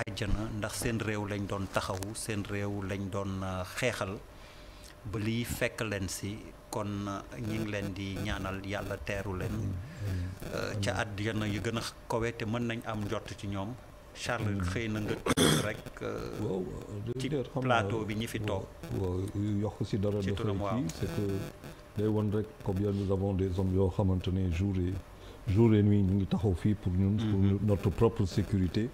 àjjana ndax seen réew lañ doon taxawu seen réew lañ doon euh, xeexal ba lii fekk leen si kon euh, ñi ngi leen di ñaanal yàlla teeru leen euh, ca àjjana yu gën a kawe te mën nañ am njort ci ñoom Charles xëy na nga rek ci plateau bi ñi fi toog yokk si dara dafay kii c'est day woon rek combien nous avons des hommes yoo xamante ne jour yi jour et nuit ñu ngi taxaw fii pour ñun. pour mhm. notre propre sécurité.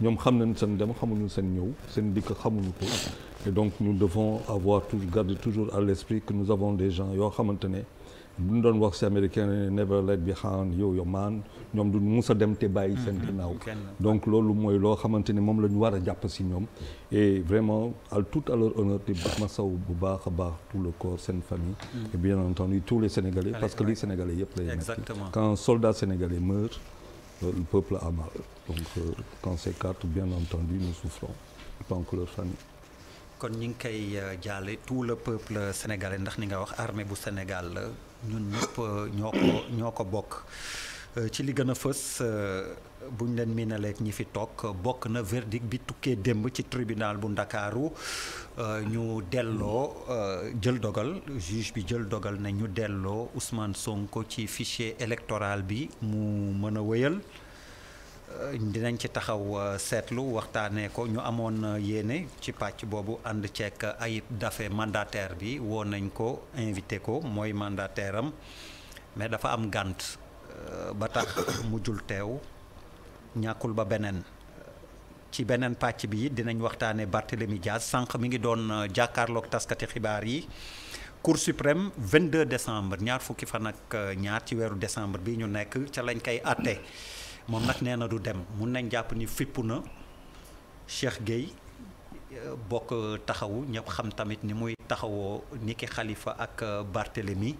ñoom xam nañ seen dem xamuñu seen ñëw seen dikk xamuñu ko. et donc nous devons avoir toujours garder toujours à l'esprit que nous avons des gens yoo xamante ne. bu ñu doon wax si américain never let behind you your ñoom du mus a dem te bàyyi seen mm-hmm. ginnaaw donc loolu mooy loo xamante ni moom la ñu war a jàpp si ñoom et vraiment al tout à leur honneur di ma saw bu baax a baax tout le corps seen famille mm. et bien entendu tous les sénégalais parce que li sénégalais yëpp lay metti quand soldat sénégalais meurt euh, le peuple a mal donc euh, quand c'est quatre bien entendu nous souffrons tant que leur famille kon ñi ngi koy euh, jaale tout le peuple sénégalais ndax ni nga wax armée bu Sénégal ñun ñëpp euh, ñoo ko ñoo ko bokk euh, ci li gën a fës euh, buñ leen miinaleeg ñi fi toog bokk na verdict bi tukkee démb ci tribunal bu ndakaaru ñu delloo jël dogal juge bi jël dogal na ñu delloo Ousmane Sonko ci fichier électoral bi mu mën a wéyal Euh, dinañ ci taxaw euh, seetlu waxtaanee ko ñu amoon euh, yéene ci pàcc boobu ànd ceek Ayib dafe mandataire bi woon nañ ko invité ko mooy mandataire am mais dafa am gànt ba tax mu jul teew ñàkkul ba beneen ci beneen pàcc bi dinañ waxtaanee Barthélémy Dias sànq mi ngi doon jàkkaarloog taskati xibaar yi Cour suprême 22 décembre ñaar fukki fan ak ñaar ci weeru décembre bi ñu nekk ca lañ koy àtte moom nag nee na du dem mun nañ jàpp ni fippu na Cheikh Gueye euh, bokk euh, taxawu ñépp xam tamit ni muy taxawoo ni ki Khalifa ak euh, Barthélemy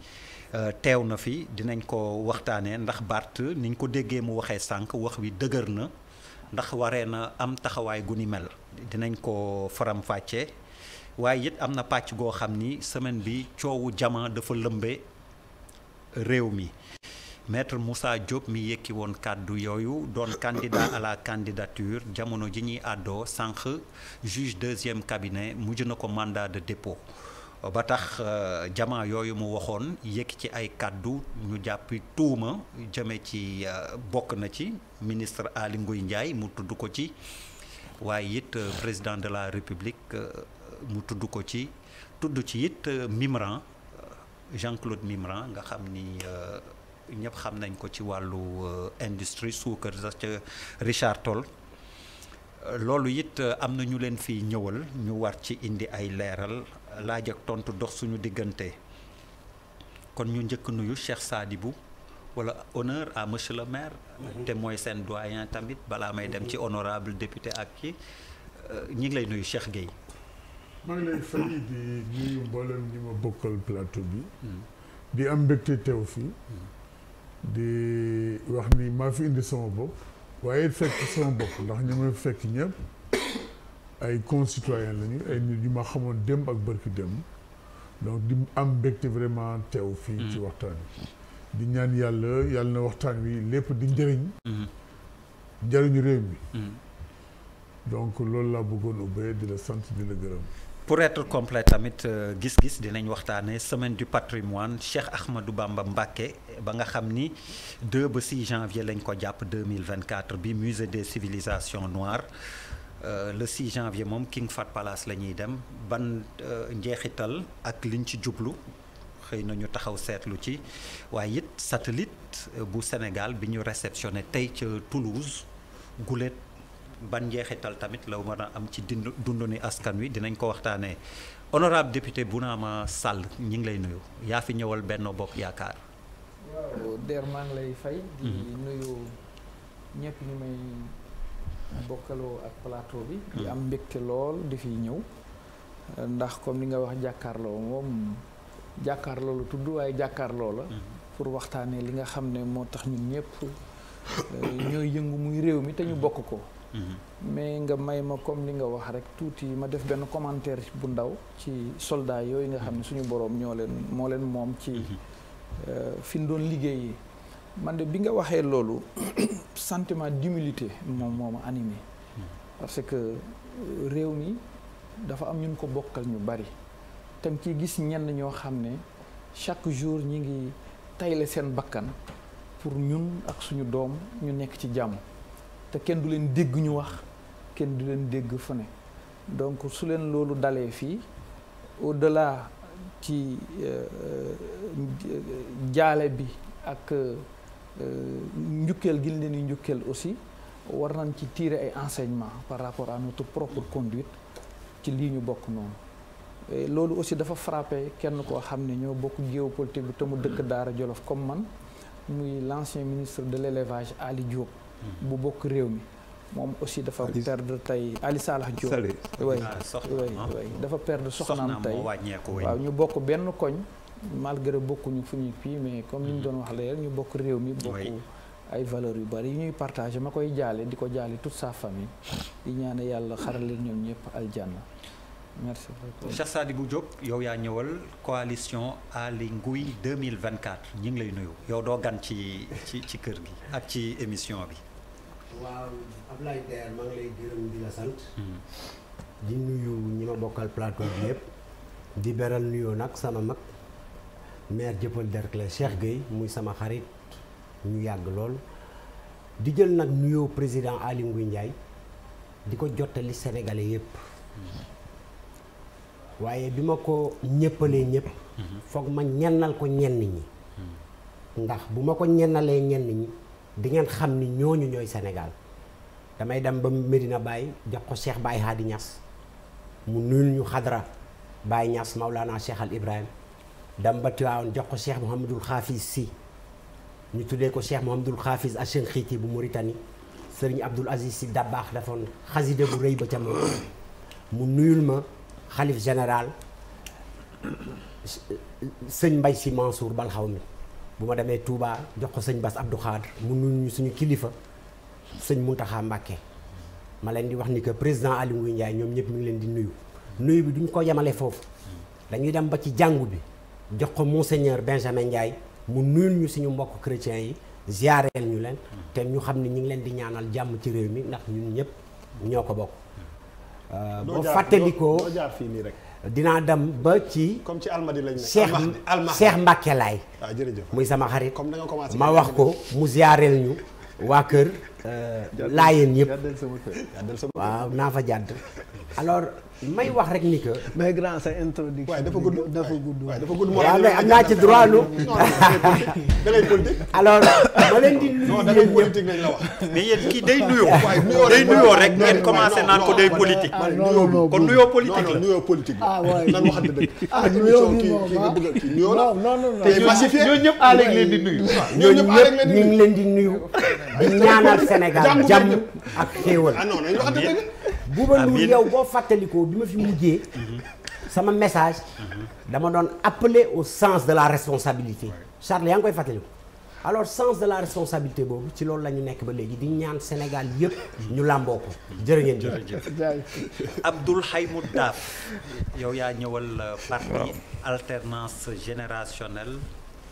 teew na fi dinañ ko waxtaanee ndax Barth niñ ko déggee mu waxee sànq wax wi dëgër na ndax waree na am taxawaay gu ni mel dinañ ko faramfàccee waaye it am na pàcc goo xam ni semaine bi coowu jama dafa lëmbe réew mi maître Moussa Diop mi yëkki woon kàddu yooyu doon candidat à la candidature jamono ji ñuy àddoo sànq juge deuxième cabinet mujj na ko mandat de dépôt ba tax euh, jamaa yooyu mu waxoon yëkki ci ay kàddu ñu jàppi tuuma jëme ci euh, bokk na ci ministre Aly Ngouille Ndiaye mu tudd ko ci waaye it euh, président de la république mu tudd ko ci tudd ci it Mimran Jean-Claude Mimran nga xam ni ñëpp xam nañ ko ci wàllu euh, industrie suukar sa ca Richard Toll euh, loolu it euh, am na ñu leen fi ñëwal ñu war ci indi ay leeral laaj ak tontu dox suñu diggante kon ñu njëkk nuyu Cheikh Sadibou wala honneur à monsieur le maire. Mhm. te mooy seen doyen tamit balaa may dem ci mhm. honorable député ak ki ñi ngi lay nuyu Cheikh Gueye. maa lay fay di nuyu mboolem ñi ma bokkal plateau bi. Hmm. di am mbégte teew fii. Hmm. di wax ni maa fi indi sama bopp waaye fekk sama bopp ndax ñu may fekk ñëpp ay concitoyens lañu ay nit ñu ma xamoon démb ak bërki démb donc di am mbégte vraiment teew fii ci hmm. waxtaan wi di ñaan yàlla yàlla na waxtaan wi lépp di njëriñ hmm. njëriñu réew mi hmm. donc loolu laa bëggoon ubbee di la sant di la gërëm pour être complet tamit euh, gis-gis dinañ waxtaanee semaine du patrimoine Cheikh Ahmadou Bamba Mbacké ba nga xam ni 2 ba 6 janvier lañ ko jàpp 2024 bi musée de civilisations noires Euh, le 6 janvier moom King Fahd Palace la ñuy dem ban euh, njeexital ak liñ ci jublu xëy na ñu taxaw seetlu ci waaye it satellite euh, bu Sénégal bi ñu réceptionné tey ca Toulouse gulet ban njeexital tamit la mën a am ci dund dunduni askan wi dinañ ko waxtaanee bu député Bounama Sall ñi ngi lay nuyu yaa fi ñëwal Benno Bokk Yaakaar. waaw der maa ngi lay fay. di mhm. nuyu ñëpp ñu may bokkaloo ak plateau bi. di mhm. am mbégte lool di fi ñëw. ndax comme li nga wax jàkkaarloo moom jàkkaarloo la tudd waaye jàkkaarloo la. Mhm. pour waxtaanee li nga xam ne moo tax ñun ñëpp eh, ñooy yëngu muy réew mi te ñu bokk ko. Mhm. mais nga may ma comme li nga wax rek tuuti ma def benn commentaire bu ndaw ci soldat yooyu nga xam ne mhm. suñu boroom ñoo leen moo leen moom ci mhm. euh, fi ñu doon liggéey yi man de bi nga waxee loolu sentiment d'humilité moom moo ma animé parce que euh, réew mi dafa am ñun ko bokkal ñu bari tam ci gis ñenn ñoo xam ne chaque jour ñi ngi tayle seen bakkan pour ñun ak suñu doom ñu nekk ci jàmm te kenn du leen dégg ñu wax kenn du leen dégg fa ne donc su leen loolu dalee fii au-delà ci euh, jaale bi ak euh, njukkeel gi leen di njukkeel aussi war nañ ci tirer ay enseignements par rapport à notre propre conduite ci lii ñu bokk noonu loolu aussi dafa frappé kenn koo xam ne ñoo bokk géopolitique bi te mu dëkk Daara Jolof comme man muy l'ancien ministre de l'élevage Ali Diop bu bokk réew mi moom aussi dafa perdre tey Ali Salah Diop way way ah, ah. dafa perdre soxnaam tey waaw ñu bokk benn koñ malgré bokkuñu fu ñu fii mais comme ni ñu mhm. doon wax la ñu bokk réew mi bokk ay valeurs yu bari yu ñuy partagé ma koy jaale di ko jaale toute sa famille di ñaane yàlla xarale ñoom ñëpp aljanna merci beaucoup Cheikh Sadibou Diop yow yaa ñëwal coalition Ali Nguy 2024 ñu ngi lay nuyu yow doo gan ci ci ci kër gi ak ci émission bi waaw Ablaye Der maa ngi lay gërëm di la sant. Hmm. di nuyu ñi ma bokkal plateau bi yëpp. di beral nuyoo nag sama mag maire jëppal Derklé Cheikh Gueye muy sama xarit ñu yàgg lool. di jël nag nuyoo président Aly Ngouille njaay di ko jottali sénégalais yëpp. Hmm. waaye bi ma ko ñëppalee ñëpp. Hmm. foog ma ñennal ko ñenn ñi. ndax bu ma ko ñennalee ñenn ñi. di xam ni ñooñu ñooy senegaal damay dem ba Medina bàyyi jox ko Cheikh Baye Hadi Niass mu nuyul ñu xadra Baye Niass Maulana Cheikh Al Ibrahim dem ba Tiwaawan jox ko Cheikh Mouhamadul Xaafis si ñu tuddee ko Cheikh Mouhamadul Xaafis xiiti bu Mauritanie sëriñ Abdul Aziz si Dabbaax defoon xaside bu rëy ba ca moom mu nuyul ma xalif général sëñ Mbay si Mansour balxaw mi bu ma demee Touba jox ko sëñ Bass Abdou Khadre mu ñu suñu kilifa sëñ Mountakha Mbacké ma leen di wax ni que président Aliou Ngouye Ndiaye ñoom ñëpp mi ngi leen di nuyu nuyu bi duñ ko yemale foofu dañuy dem ba ci jàngu bi jox ko monseigneur Benjamin Ndiaye mu nuyu ñu suñu mbokk chrétiens yi ziareel ñu leen te ñu xam ne ñu ngi leen di ñaanal jàmm ci réew mi ndax ñu ñëpp ñoo ko bokk euh, boo fàttalikoo jaar fii nii rek dinaa dem ba ci. comme ci almadi lañ ne Cheikh Cheikh Mbacke laay. Ah, muy sama xarit. comme da commencé ma wax ko mu ziareel ñu waa kër. laayeen yëpp waaw naa fa jàdd alors may wax rek ni que. mais grand sa introduction. waaye dafa gudd dafa gudd. waaye dafa gudd waaw mais am naa ci droit lu. da ngay politique. alors ma leen di nuyu da ngay politique lañ la wax. mais yéen kii day nuyoo. day nuyoo rek ngeen commencé naan ko day politique. kon nuyoo politique la nuyoo politique la. nan waxante dëgg. ah nuyoo bi moom ah nuyoo la. non non non te ñooñu ñëpp aaleeg leen di nuyu. ñooñu ñëpp ñu ngi leen di nuyu. di ñaanal Sénégal jàmm ak xéewal ah Bouba ah, Ndour yow boo fàttalikoo bi ma fi mujjee mhm. sama message mhm. dama doon appeler au sens de la responsabilité Charles yaa ngi koy fàttaliku alors sens de la responsabilité boobu ci loolu la ñu nekk ba léegi di ñaan Sénégal yëpp ñu làmboo ko jërë ngeen jërëjëf Abdoul Haymou Daaf yow yaa ñëwal euh, parti alternance générationnelle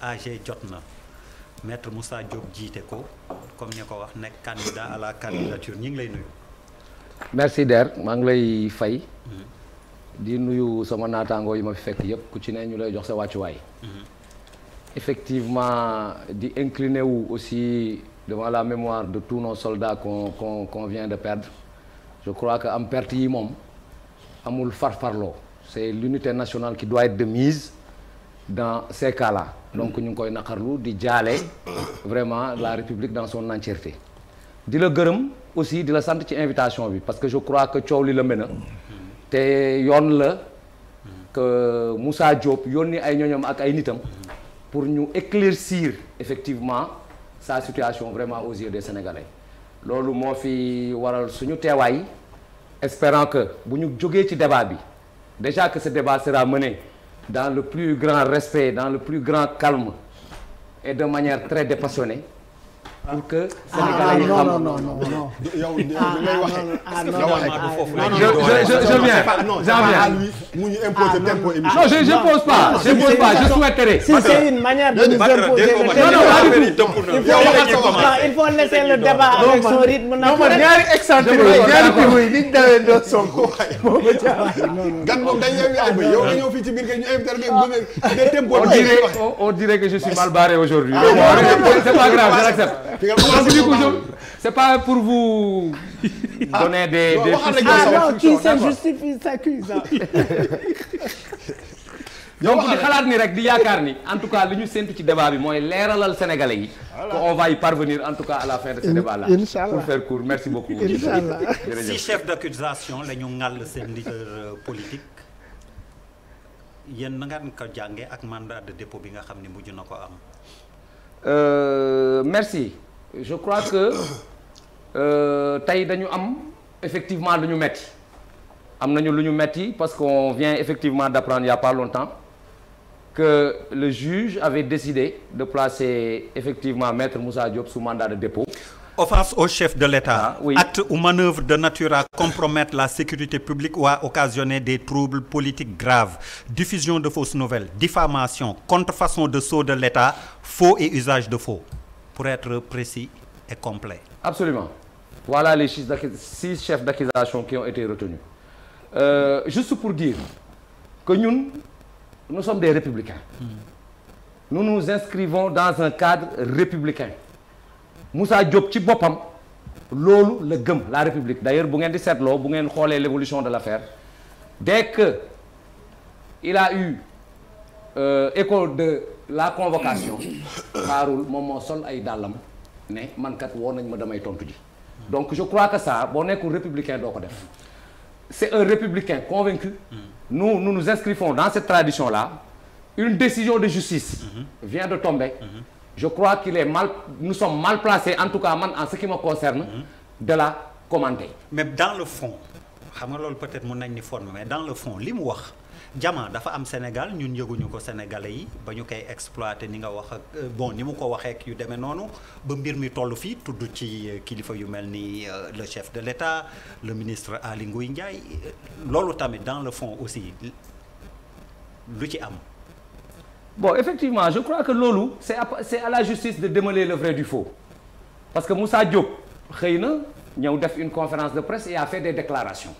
AG jot na maître Moussa Diop jiite ko comme ni ko wax nekk candidat à la candidature ñu ngi lay nuyu. merci Der maa ngi lay fay. Mhm. di nuyu sama naataangoo yi ma fi fekk yëpp ku ci ne ñu lay jox sa wàccuwaay. Mhm. effectivement di incliner wu aussi devant la mémoire de tous nos soldats qu'on qu'on qu'on vient de perdre je crois que am perte yi moom amul farfarloo c'est l'unité nationale qui doit être de mise dans ces cas donc ñu ngi koy naqarlu di jaale vraiment la république dans son entièreté di la gërëm aussi di la sant ci invitation bi parce que je crois que coow li la mën te yoon la que Moussa yoon yónni ay ñoñam ak ay nitam pour ñu éclaircir effectivement sa situation vraiment aux yeux de Sénégalais loolu moo fi waral suñu teewaay espérant que bu ñu jógee ci débat bi déjà que ce débat sera mené dans le plus grand respect dans le plus grand calme et de manière très dépassionnée pour que Sénégalais yi xam non non non viens. non je je pose pas je pose si c'est une manière de nous imposer le tempo. il faut laisser le débat avec son rythme naturel. ñaari excentré ñaari pivots yi liñ dawee doon Sonko. gan moom dañ yow yaa je suis mal barré aujourd'hui. c'est pas grave je l'accepte. c'est pas pour vous donner des ah, des ah donc di xalaat ni rek di yaakaar ni en tout cas li ñu séntu ci débat bi mooy leeralal sénégalais yi. on parvenir en tout cas à la fin de ce débat là. inchallah pour faire court merci beaucoup. si chef d'accusation la ñu ŋàll seen leader euh, politique yéen na ngeen ko jàngee ak mandat de dépôt bi nga xam ne mujj na ko am. Euh, merci. je crois que euh, tey dañu am effectivement lu ñu metti am nañu lu ñu metti parce qu'on vient effectivement d'apprendre il y a pas longtemps que le juge avait décidé de placer effectivement maître Moussa Diop sous mandat de dépôt offense au chef de l'État ah, oui. acte ou manœuvre de nature à compromettre la sécurité publique ou à occasionner des troubles politiques graves diffusion de fausses nouvelles diffamation contrefaçon de sceau de l'État faux et usage de faux pour être précis et complet. Absolument. Voilà les six chefs d'accusation qui ont été retenus. Euh, juste pour dire que ñun nous sommes des républicains. Hmm. Nous nous inscrivons dans un cadre républicain. Moussa Diop ci boppam loolu la gëm la République d'ailleurs bu ngeen di seetloo bu ngeen xoolee l'évolution de l'affaire dès que il a eu euh, de la convocation xaarul moom moo sol ay dàllam ne man kat woo nañ ma damay tontu ji donc je crois que ça boo nekkul républicain doo ko def c'est un républicain convaincu nous nous nous dans cette tradition là une décision de justice vient de tomber je crois qu'il est mal nous sommes mal placés en tout cas man en ce qui me concerne de la commenter mais dans le fond xam nga loolu peut-être mën nañ ni forme mais dans le fond li mu wax jama dafa am Sénégal ñun yëguñu ko sénégalais yi ba ñu koy exploité ni nga wax ak euh, bon ni mu ko waxee ak yu demee noonu ba mbir mi toll fii tudd ci euh, kilifa yu mel ni euh, le chef de l'État le ministre Aly Ngouille Ndiaye loolu tamit dans le fond aussi lu ci am. bon effectivement je crois que loolu c'est à c'est à la justice de démêler le vrai du faux parce que Moussa Diop xëy na ñëw def une conférence de presse et a fait des déclarations.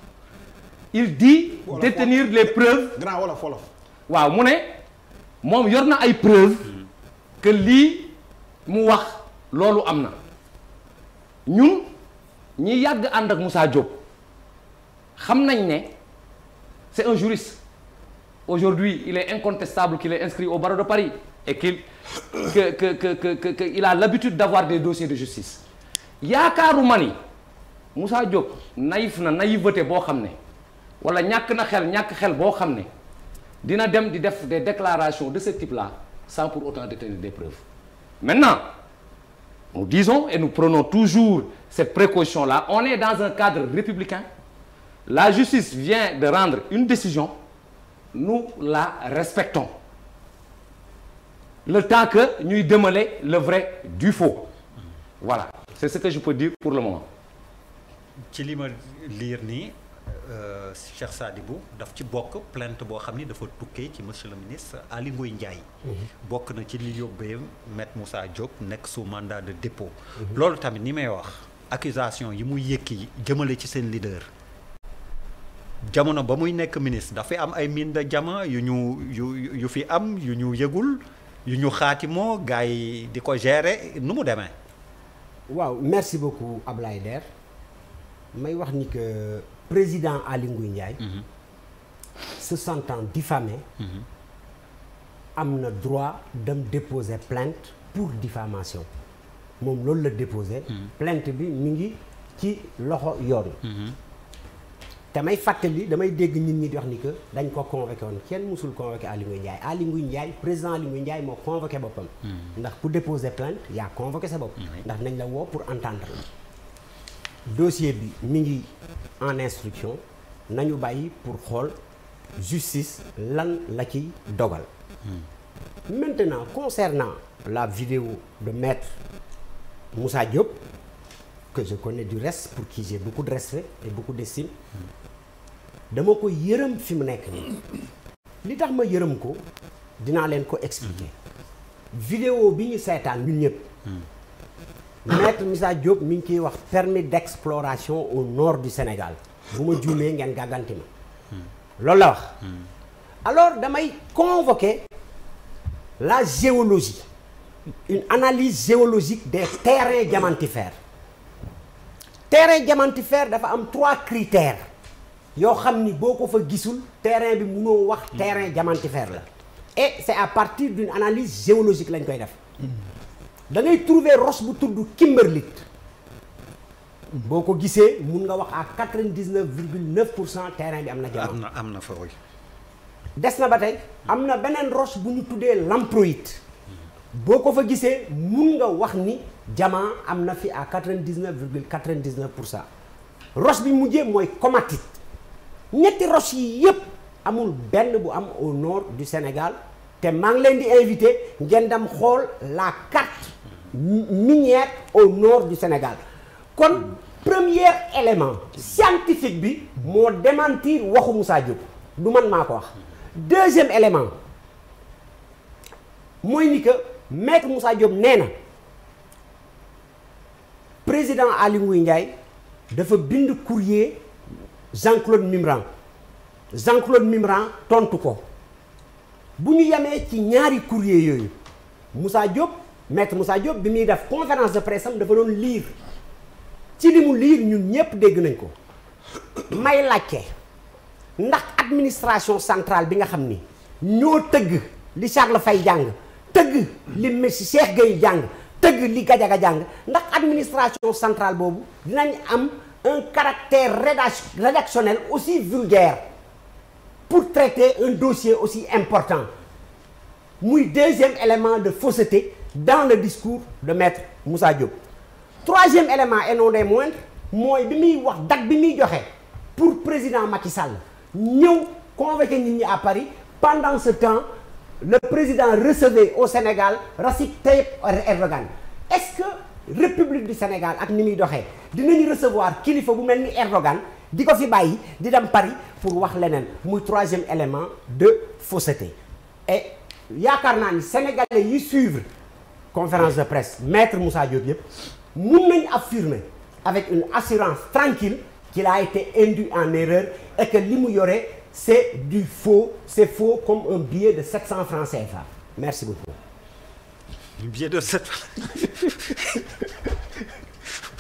il dit détenir les preuves grand wala waaw mu ne moom yor na ay preuves que lii mu wax loolu am na ñun ñi yàgg ànd ak Moussa Diop xam nañ ne c'est un juriste aujourd'hui il est incontestable qu'il est inscrit au barreau de Paris et que que que que que qu'il a l'habitude d'avoir des dossiers de justice yaakaaru ma ni Moussa Diop nayif na naïveté boo xam ne wala ñàkk na xel ñàkk xel boo xam ne dina dem di def des déclarations de ce type-là sans pour autant détenir des preuves maintenant nous disons et nous prenons toujours cette précaution-là on est dans un cadre républicain la justice vient de rendre une décision nous la respectons le temps que ñuy démêler le vrai du faux voilà c'est ce que je peux dire pour le moment ci nii Euh, Cheikh Sadibou daf ci bokk plainte boo xam ni dafa tukkee ci monsieur le ministre Aly Ngouille mhm. bokk na ci li yóbbee maître Moussa Diop nekk sous mandat de dépôt. Mhm. loolu tamit ni may wax accusation yi muy yëkki jëmale ci seen leader. jamono ba muy nekk ministre dafay am ay mine de jama yu ñu yu yu fi am yu ñu yëgul yu ñu xaatimoo gars yi di ko gérer nu mu demee. waaw merci beaucoup Ablaye Der may wax ni que. président Aly Ngouille Ndiaye se mhm. sentant diffamé mhm. am na droit dem déposer plainte pour diffamation moom loolu la déposer mhm. plainte bi mi ngi ci loxo yoon damay fàttali damay dégg nit ñi di wax ni que dañ ko convoqué woon kenn musul convoqué Aly Ngouille Ndiaye Aly Ngouille Ndiaye président Aly Ngouille Ndiaye moo convoqué boppam ndax pour déposé plainte yaa convoqué sa bopp ndax nañ la woo pour entendre dossier bi mi ngi en instruction nañu bàyyi pour xool justice lan la ci dogal hmm. maintenant concernant la vidéo de maître Moussa Diop que je connais du reste pour qui j'ai beaucoup de respect et beaucoup d'estime hmm. dama ko yërëm fi mu nekk nii li tax ma yërëm ko dinaa leen ko expliquer hmm. vidéo bi ñu seetaan ñun ñëpp maître Missa Diop mi ngi koy wax permis d'exploration au nord du Sénégal bu ma juumee ngeen gàgganti ma loolu la wax alors damay convoquer la géologie une analyse géologique des terrains diamantifères terrain diamantifère dafa am trois critères yoo xam ni boo ko fa gisul terrain bi munoo wax terrain diamantifère la et c'est à partir d'une analyse géologique lañ koy def da ngay trouver roche bu tudd kimberlite boo ko gisee mun nga wax à quatre-vingt-dix-neuf virgule pour cent terrain bi am na jamono. am na am na fa des na ba tey am na beneen rose bu ñu tuddee lamproite boo ko fa gisee mun nga wax ni jaman am na fi à quatre-vingt-dix-neuf virgule quatre-vingt-dix-neuf pour cent roche bi mujjee mooy comatite ñetti roche yi yépp amul benn bu am au nord du Sénégal te maa ngi leen di invité ngeen dem xool la carte minière au nord du Sénégal kon premier élément scientifique bi moo démentir waxu Moussa Diop du man maa ko wax deuxième élément mooy ni que maître Moussa Diop nee na président Aly Ngouille Ndiaye dafa bind courrier Jean-Claude Mimran Jean-Claude Mimran tontu ko bu ñu yamee ci ñaari courrier yooyu Moussa Diop maître Moussa Diop bi muy def conférence de presse am dafa doon liir ci li mu liir ñun ñëpp dégg nañ ko may laajte ndax administration centrale bi nga xam ni ñoo tëgg li Charles fay jàng tëgg li Messi Cheikh Gueye jàng tëgg li Gadiaga jàng ndax administration centrale boobu dinañ am un caractère rédactionnel aussi vulgaire pour traiter un dossier aussi important muy deuxième élément de fausseté dans le discours de maître Moussa Diop troisième élément et non des moindres mooy bi muy wax date bi muy joxee pour président Macky Sall ñëw convoqué nit ñi à Paris pendant ce temps le président recevait au Sénégal Recep Tayyip Erdogan est-ce que république du Sénégal ak ni muy doxee dinañu recevoir kilifa bu mel ni Erdogan di ko fi bàyyi di dem Paris pour wax leneen muy troisième élément de fausseté yaakaar naa ni sénégalais yi suivre conférence de presse maître Moussa Diop yëpp mun nañ affirmer avec une assurance tranquille qu'il a été induit en erreur et que li mu yore c'est du faux c'est comme un billet de 700 francs CFA merci beaucoup. de 700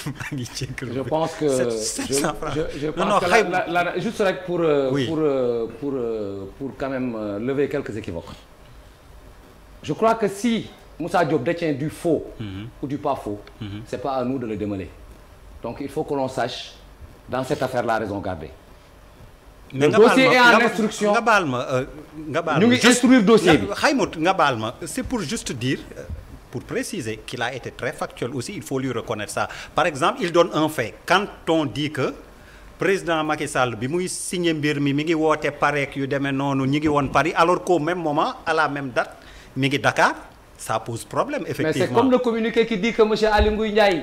maa ngi jégalu je pense que je je pense la, la, la, juste rek pour. Euh, pour euh, pour euh, pour quand même lever quelques équivoques. je crois que si. Moussa Diop détient du faux mm -hmm. ou du pas faux mm -hmm. c'est pas à nous de le démêler donc il faut que l'on sache dans cette affaire la raison garder mais nga baal ma dossier est en instruction nga baal ma euh, nga baal ma ñu ngi instruire dossier bi xayma nga baal ma c'est pour juste dire euh, pour préciser qu'il a été très factuel aussi il faut lui reconnaître ça par exemple il donne un fait quand on dit que président Macky Sall bi muy signé mbir mi mi ngi woote pareek yu demee noonu ñi ngi woon Paris alors qu'au même moment à même date mi ngi Dakar ça pose problème effectivement mais c'est comme le communiqué qui dit que monsieur Aly Ngouille Ndiaye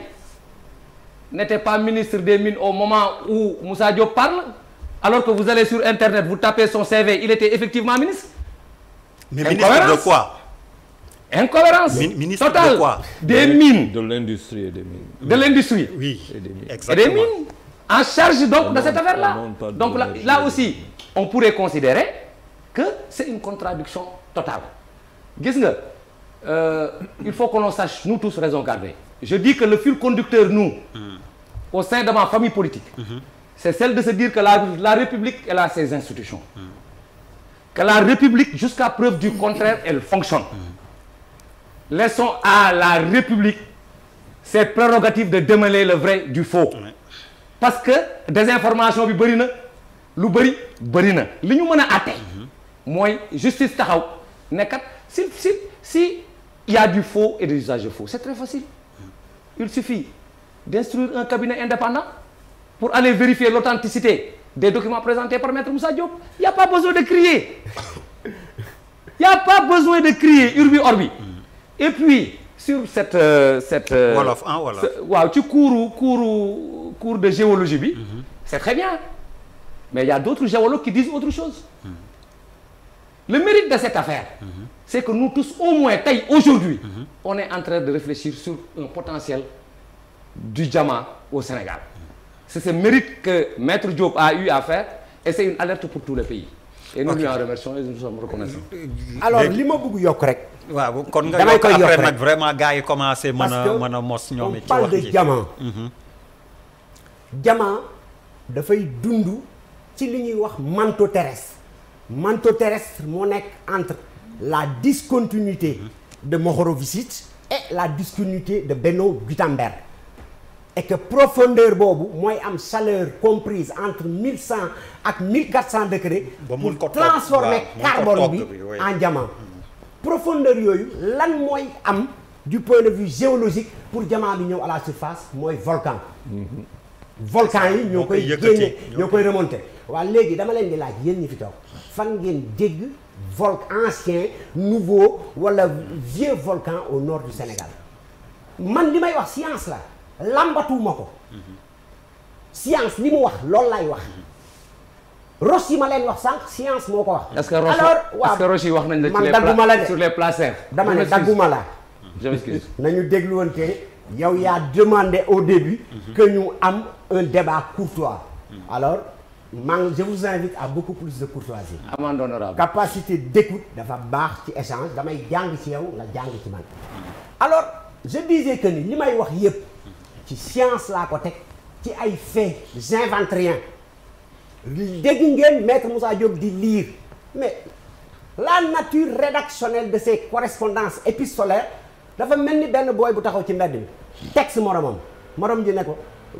n'était pas ministre des mines au moment où Moussa Diop parle alors que vous allez sur internet vous tapez son CV il était effectivement ministre. mais ministre de quoi. incohérence ministre totale de quoi des mines de l'industrie et des mines. de l'industrie oui et des mines. exactement et des mines en charge donc de cette affaire là donc là, aussi on pourrait considérer que c'est une contradiction totale gis nga. euh, il faut que l'on sache nous tous raison garder je dis que le fil conducteur nous mmh. au sein de ma famille politique mhm. Mhm. c'est celle de se dire que la, la République elle a ses institutions que la République jusqu'à preuve du contraire elle fonctionne mhm. laissons à la République ses prérogatives de démêler le vrai du faux parce que désinformation bi bëri na lu bëri bëri na li ñu mën a àtte mooy justice taxaw nekkat si il y a du faux et des usages facile il suffit d'instruire un cabinet indépendant pour aller vérifier l'authenticité des documents présentés par maître Moussa Diop il y a pas besoin de crier il y a pas besoin de crier urbi orbi et puis sur cette euh, euh, ci cours cours cours de géologie bi mm -hmm. c'est très bien mais il y a d'autres géologues qui disent autre chose le mérite de cette affaire mhm. c'est que nous tous au moins tey aujourd'hui mm -hmm. on est en de réfléchir sur un potentiel du diamant au Sénégal mhm. c'est ce mérite que maître Diop a eu à faire et c'est une alerte pour tout le pays et nous lui en remercions et nous sommes euh, euh, euh, alors li ma bëgg yokk rek. waaw kon nga yokk après nag vraiment gars yi commencé. mën a mën a mos ñoom it ci wax de diamant. Mhm. diamant dafay dund ci li ñuy wax manteau terrestre. manto terrestre moo nekk entre. la discontinuité mhm. de Mohorovičić et la discontinuité de Benno Gutenberg et que profondeur boobu mooy am chaleur comprise entre mille cent ak mille quatre cent degrés pour transformer carbone bi en diamant profondeur yooyu lan mooy am du point de vue géologique pour diamant bi ñëw à la surface mooy volcan mhm. volcan yi ñoo koy génne ñoo koy remonter waaw léegi dama leen di laaj yéen ñi fi toog fan ngeen dégg volcan ancien nouveau wala vieux volcan au nord du Sénégal man li may wax science la làmbatuwuma ko science li mu wax loolu lay wax Ross yi ma leen wax sànq science moo ko wax. est-ce que Ross est wax nañ la. man dagguma la de sur les placers. dama ne dagguma la. je m'excuse nañu dégluwante yow yaa demandé au début. Mhm. que ñu am un débat courtois. Mhm. alors. man je vous invite à beaucoup plus de courtoisie. amende honorable capacité d'écoute dafa baax ci échange damay jàng ci yow nga jàng ci man. alors je disais que ni li may wax yëpp ci science laa ko teg ci ay faits j'invente rien dégg ngeen maître Moussa Diop di lire mais la nature rédactionnelle de ces correspondances épistolaires dafa mel ni benn booy bu taxaw ci mbedd mi texte moromam morom ji ne ko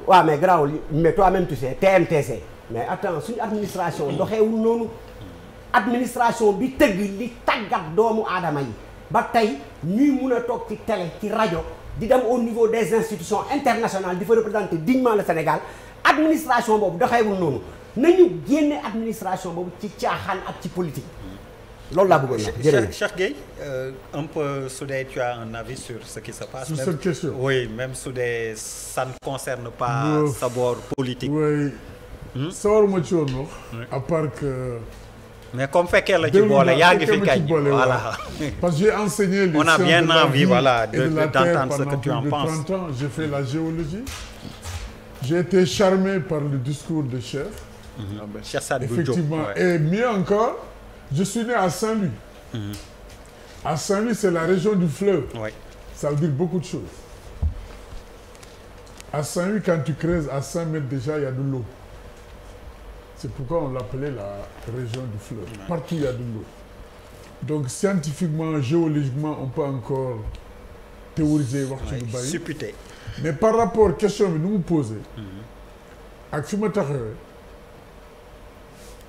waaw mais garaawul mais toi même tu sais TMTC. mais attends suñu administration doxeewul noonu administration bi tëgg li tàggat doomu aadama yi ba tey ñuy mun a toog ci télé ci rajo di dem au niveau des institutions internationales di fa représenter dignement le Sénégal administration boobu doxeewul noonu nañu génne administration boobu ci caaxaan ak ci politique loolu laa bëggoon nag jërëjëf Cheikh su euh, dee tu as un avis sur ce qui se passe. sur même su dee ça ne concerne pas. sa bord politique. sawaruma ci woon wax. à part mais comme la ci boole yaa ngi fi parce que j'ai enseigné les. on a bien envie de d'entendre ce que tu en penses. ans j'ai fait la géologie. j'ai été charmé par le discours de Cheikh. Mhm. Ah et mieux encore je suis né à Saint-Louis. Mhm. à Saint-Louis c'est la région du fleuve. ça veut dire beaucoup de choses. à Saint-Louis quand tu creuses à 100 mètres déjà il y a de l'eau C'est pourquoi on l'appelait la région du fleuve. Partout il y a l'eau. Donc scientifiquement, géologiquement, on peut encore théoriser wax ci lu mais par rapport question bi nu mu posé. ak fi ma taxawee.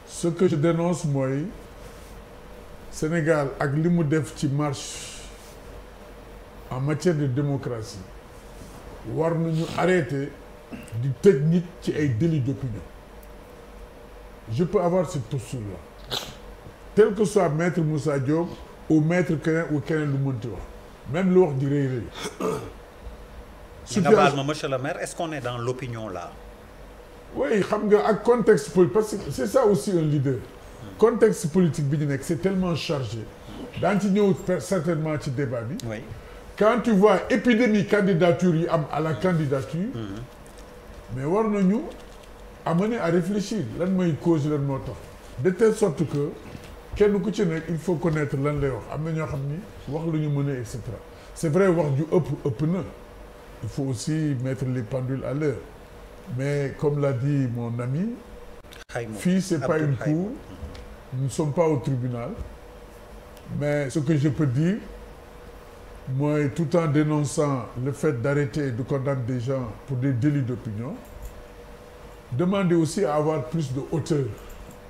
ce que je dénonce mooy Sénégal ak li mu def ci marche en matière de démocratie war nañu arrêter di tëj nit ci ay délits d'opinion. je peux avoir cette posture-là tel que soit maître Moussa Diop ou maître keneen ou keneen lu mënti même lu wax di rëy rëy. surtout nga baal monsieur le maire est-ce qu'on est dans l'opinion là. oui xam nga ak contexte politique parce que c'est ça aussi un leader. Hmm. contexte politique bi ñu nekk c'est tellement chargé. daañu ci ñëw certainement ci débat bi. oui quand tu vois épidémie candidature yi am à la candidature. Hmm. mais war nañu. amené à réfléchir lan mooy cause lan moo tax de telle sorte que kenn ku ci nekk il faut connaître lan lay wax am na ñoo xam ni wax lu ñu mën a et cetera c'est vrai wax ju ëpp ëpp na il faut aussi mettre les pendules à l'heure mais comme l'a dit mon ami fii c'est pas une cour nous ne sommes pas au tribunal mais ce que je peux dire mooy tout en dénonçant le fait d'arrêter et de condamner des gens pour des délits d'opinion demander aussi à avoir plus de hauteur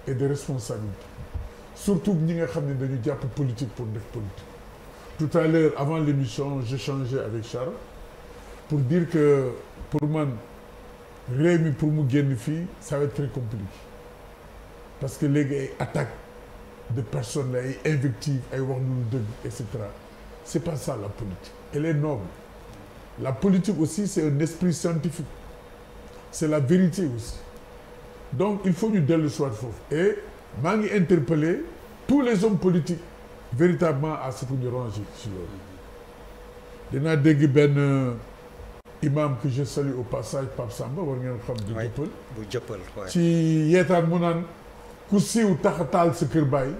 et de responsabilité surtout ñi nga xam ne dañu jàpp politique pour def politique tout à l'heure avant l'émission j'échangeais avec Charles pour dire que pour man réew pour mu génn fii ça va être très compliqué parce que léegi ay attaques de personnes la ay invectives ay wax lu dëgg et cetera c'est pas ça la politique elle est noble la politique aussi c'est un esprit scientifique c'est la vérité aussi donc il faut ñu dellu soit foofu et maa ngi interpeller tous les hommes politiques véritablement à ce ñu range si loolu dinaa dégg benn euh, imam que je salue au passage Pape Samba war ngeen xam du jëppal bu jëppal ci yeetaan mu naan ku siiw tax taal sa kër bàyyi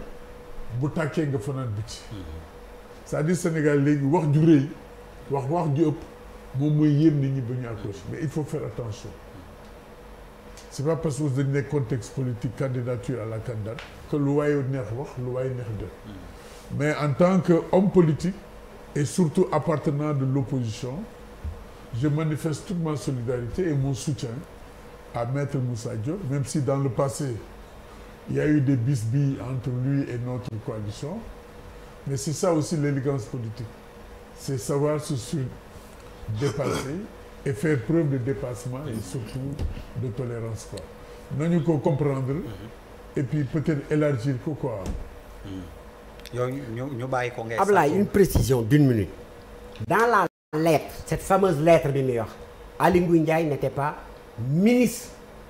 bu tàkkee nga fanaan biti mhm. c'est-à-dire Sénégal léegi wax ju rëy wax wax ju ëpp moom mooy yéem nit ñi ba ñu accroché mais il faut faire attention c'est pas parce que dañ nekk contexte politique candidature à la candidate que lu waayu neex wax lu waayu neex def mais en tant que homme politique et surtout appartenant de l'opposition je manifeste toute ma solidarité et mon soutien à Maître Moussa même si dans le passé il y a eu des bisbilles entre lui et notre coalition mais c'est ça aussi l'élégance politique c'est savoir se surdépasser et faire preuve de dépassement et surtout de tolérance nañu ko comprendre et puis peut-être élargir ko quoi yow ñu ñu bàyyi ko ngay abla une précision d'une minute dans la lettre cette fameuse lettre bi muy wax Aly Ngouille Ndiaye n'était pas ministre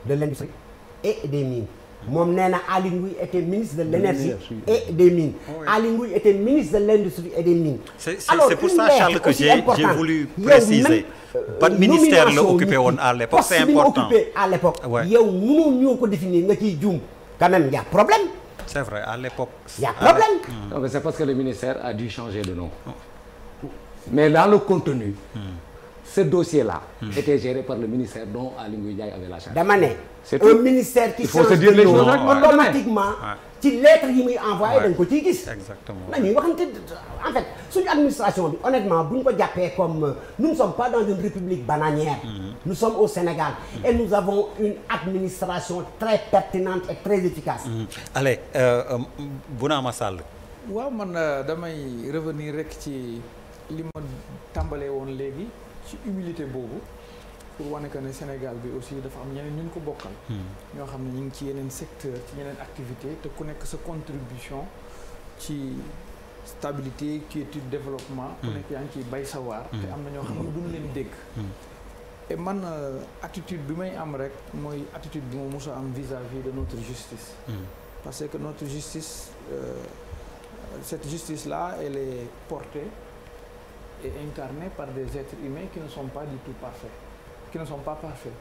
de l'industrie et des mines moom nee na Aly Ngouille était ministre de l'énergie et des mines oh, Aly Ngouille était ministre de l'industrie et des mines alors c'est pour ça Charles que j'ai voulu préciser ban euh, ministère la occupé woon à l'époque c'est important occupé à l'époque yow mënoo ñoo ko définir nga ciy juum quand même y a problème c'est vrai à l'époque y a problème donc hmm. c'est parce que le ministère a dû changer de nom oh. mais dans le contenu hmm. ce dossier-là mmh. était géré par le ministère dont Aly dama ne. c'est tout un ministère qui. il faut se automatiquement. ci lettre yi muy envoyé dañ ko ciy gis. exactement nañuy waxante en fait suñu administration bi honnêtement bu ñu ko jàppee comme euh, nous ne sommes pas dans une république bananière. Mm-hmm. nous sommes au Sénégal. et nous avons une administration très pertinente et très efficace. Mm-hmm. allez euh, euh, Bounama Sall. waaw man damay revenir rek ci li ma tàmbalee woon léegi. ci humilité boobu pour wane que ne Sénégal bi aussi dafa am ñeneen ñun ko bokkal. Hmm. ñoo xam ne ñu ngi ci yeneen secteur ci ñeneen activité te ku nekk sa contribution ci stabilité quiétude développement. ku hmm. nekk yaa ngi ciy bay sa hmm. te am na ñoo xam ne duñ leen dégg. et man euh, attitude bi may am rek mooy attitude bi ma mos a am vis de notre justice. parce que notre justice euh, cette justice là elle est est incarné par des êtres humains qui ne sont pas du tout parfaits, qui ne sont pas parfaits.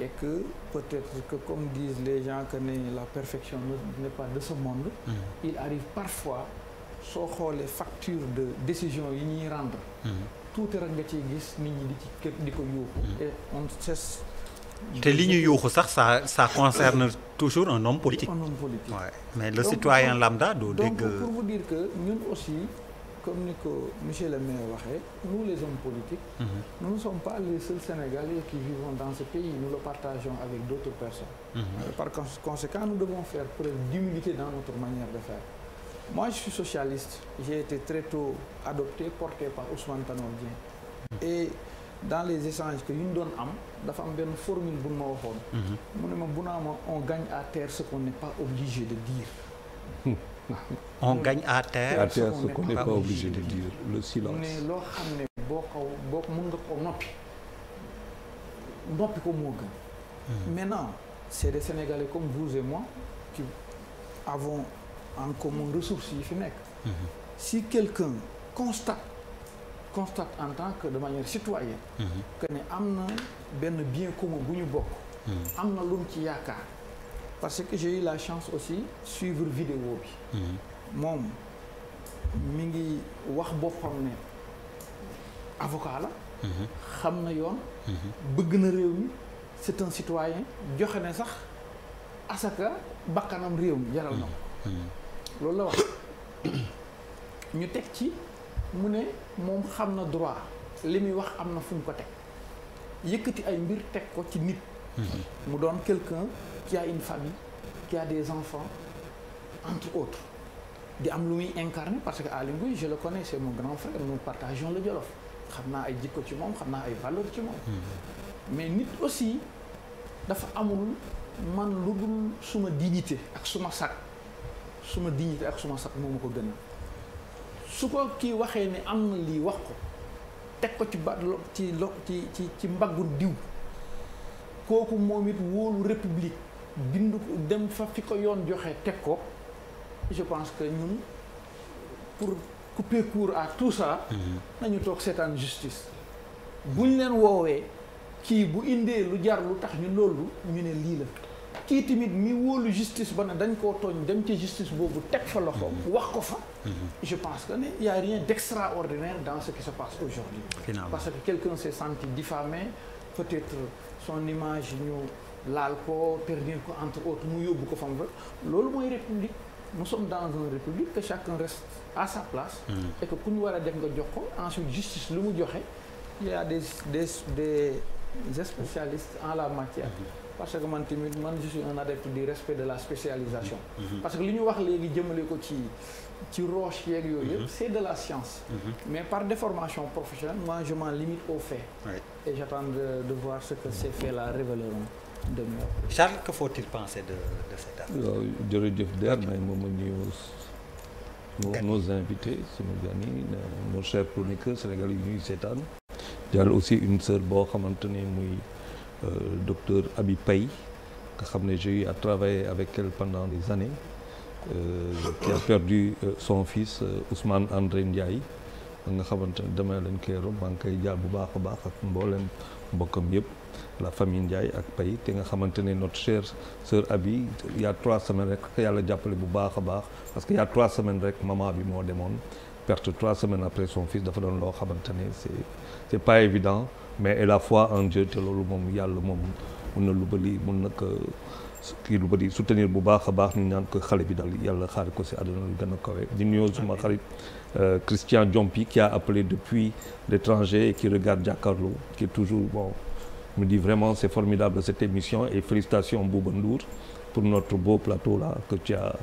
Et que peut-être que comme disent les gens que la perfection n'est pas de ce monde, mmh. il arrive parfois, soo xoolee facture de décision yi ñuy rendre. Mm. tuuti rek nga ci gis nit ñi di ci kër di ko yuuxu. Mm. et on cesse. te li ñu yuuxu sax sa ça concerne toujours un homme politique. un homme politique. mais le citoyen lambda doo dégg. pour vous dire que ñun aussi. comme ni ko monsieur le maire waxee nous les hommes politiques mmh. nous ne sommes pas les seuls Sénégalais qui vivons dans ce pays nous le partageons avec d'autres personnes mmh. par conséquent nous devons faire preuve d'humilité dans notre manière de faire moi je suis socialiste j'ai été très tôt adopté porté par Ousmane Tanor Dieng mhm. et dans les échanges que yu ñu doon am dafa am benn formule bu ma waxoon mhm. mu ne ma bu naa ma on gagne à terre ce qu'on n'est pas obligé de dire hmm. on gagne à terre. à terre ce qu'on n'est pas obligé de dire le silence. mais loo xam ne boo ko boo mën nga koo noppi noppi ko moo gën. Hmm. maintenant c'est des Sénégalais comme vous et moi qui avons en commun ressources yi fi nekk. Hmm. si quelqu'un constate constate en tant que de manière citoyenne. Hmm. que ne am na benn bien commun bu ñu bokk. am na lu mu ci yaakaar. parce que j'ai eu la chance aussi suivre vidéo bi mhm. moom mi ngi wax boppam ne avocat la mhm. xam na yoon mhm. bëgg na réew mi c'est un citoyen joxe ne sax asaka bakkanam réew mi jaral na ko loolu la wax ñu teg ci mu ne moom xam na droit li muy wax am na fu mu ko teg yëkkati ay mbir teg ko ci nit mu doon quelqu'un qui a une famille qui des enfants entre autres di am lu muy incarné parce que Aly Ngouille je le connais c'est mon grand frère nous partageons le Jolof xam naa ay jikko ci moom xam naa ay valeur ci moom hmm. mais nit aussi dafa amul man lu dul suma dignité ak suma sag suma dignité ak suma sag moo ma ko gën su ko kii waxee ne am na lii wax ko teg ko ci ba ci lo ci ci ci mbaggu diw kooku moom it wóolu république bindu dem fa fi ko yoon joxe teg ko je pense que ñun pour couper court à tout ça mhm. nañu toog seetaan justice buñ leen woowee kii bu indee lu jar lu tax ñu loolu ñu ne lii la kii tamit mi wóolu justice ba ne dañ koo tooñ dem ci justice boobu teg fa loxo mhm. wax ko fa mhm. je pense que ne y a rien d'extraordinaire dans ce qui se passe aujourd'hui parce que quelqu'un s'est senti diffamé peut-être son image ñu laal ko ternir ko entre autres mu yóbbu ko fam rek loolu mooy république nous sommes dans une république que chacun reste à sa place hmm. et que ku ñu war a def nga jox ko ensuite justice lu mu joxe il y a des des des spécialistes en la matière hmm. parce que man tamit man je suis un adepte du respect de la spécialisation hmm. parce que li ñu wax léegi jëmale ko ci ci roche yooyu yëpp c'est de la science mais par déformation professionnelle moi je m'en limite aux faits et de, de voir ce que ces faits de moi. Charles, que faut-il penser de, de cet art Jërëjëf Der, mais moom nos, nos invités, nos amis, nos chers chroniqueurs sénégalais yu ñuy seetaan. Jàll aussi une sœur boo xamante ne muy euh, docteur Abi pay nga xam ne j'ai eu à travailler avec elle pendant des années euh, qui a perdu euh, son fils euh, Ousmane André Ndiaye nga xamante ne lañ koy rob maa ngi koy jaar bu baax a baax ak mboolem mbokkam yëpp la famille Ndiaye ak pay te nga xamante ne notre chère sœur Abi il y a trois semaines rek yàlla jàppale bu baax a baax parce que il y a trois semaines rek maman bi moo demoon perte trois semaines après son fils dafa doon loo xamante ne c'est c'est pas évident mais et la fois en Dieu te loolu moom yàlla moom mun na lu bali mun na ko kii lu bëri soutenir bu baax a baax ñu ñaan ko xale bi daal yàlla xaar ko si àdduna lu gën a kawe di nuyoo suma xarit euh, Christian Diompi ki a appelé depuis l'étranger et qui regarde Jakaarlo qui est toujours bon me dit vraiment c'est formidable cette émission et félicitations Bouba Ndour pour notre beau plateau là que tu as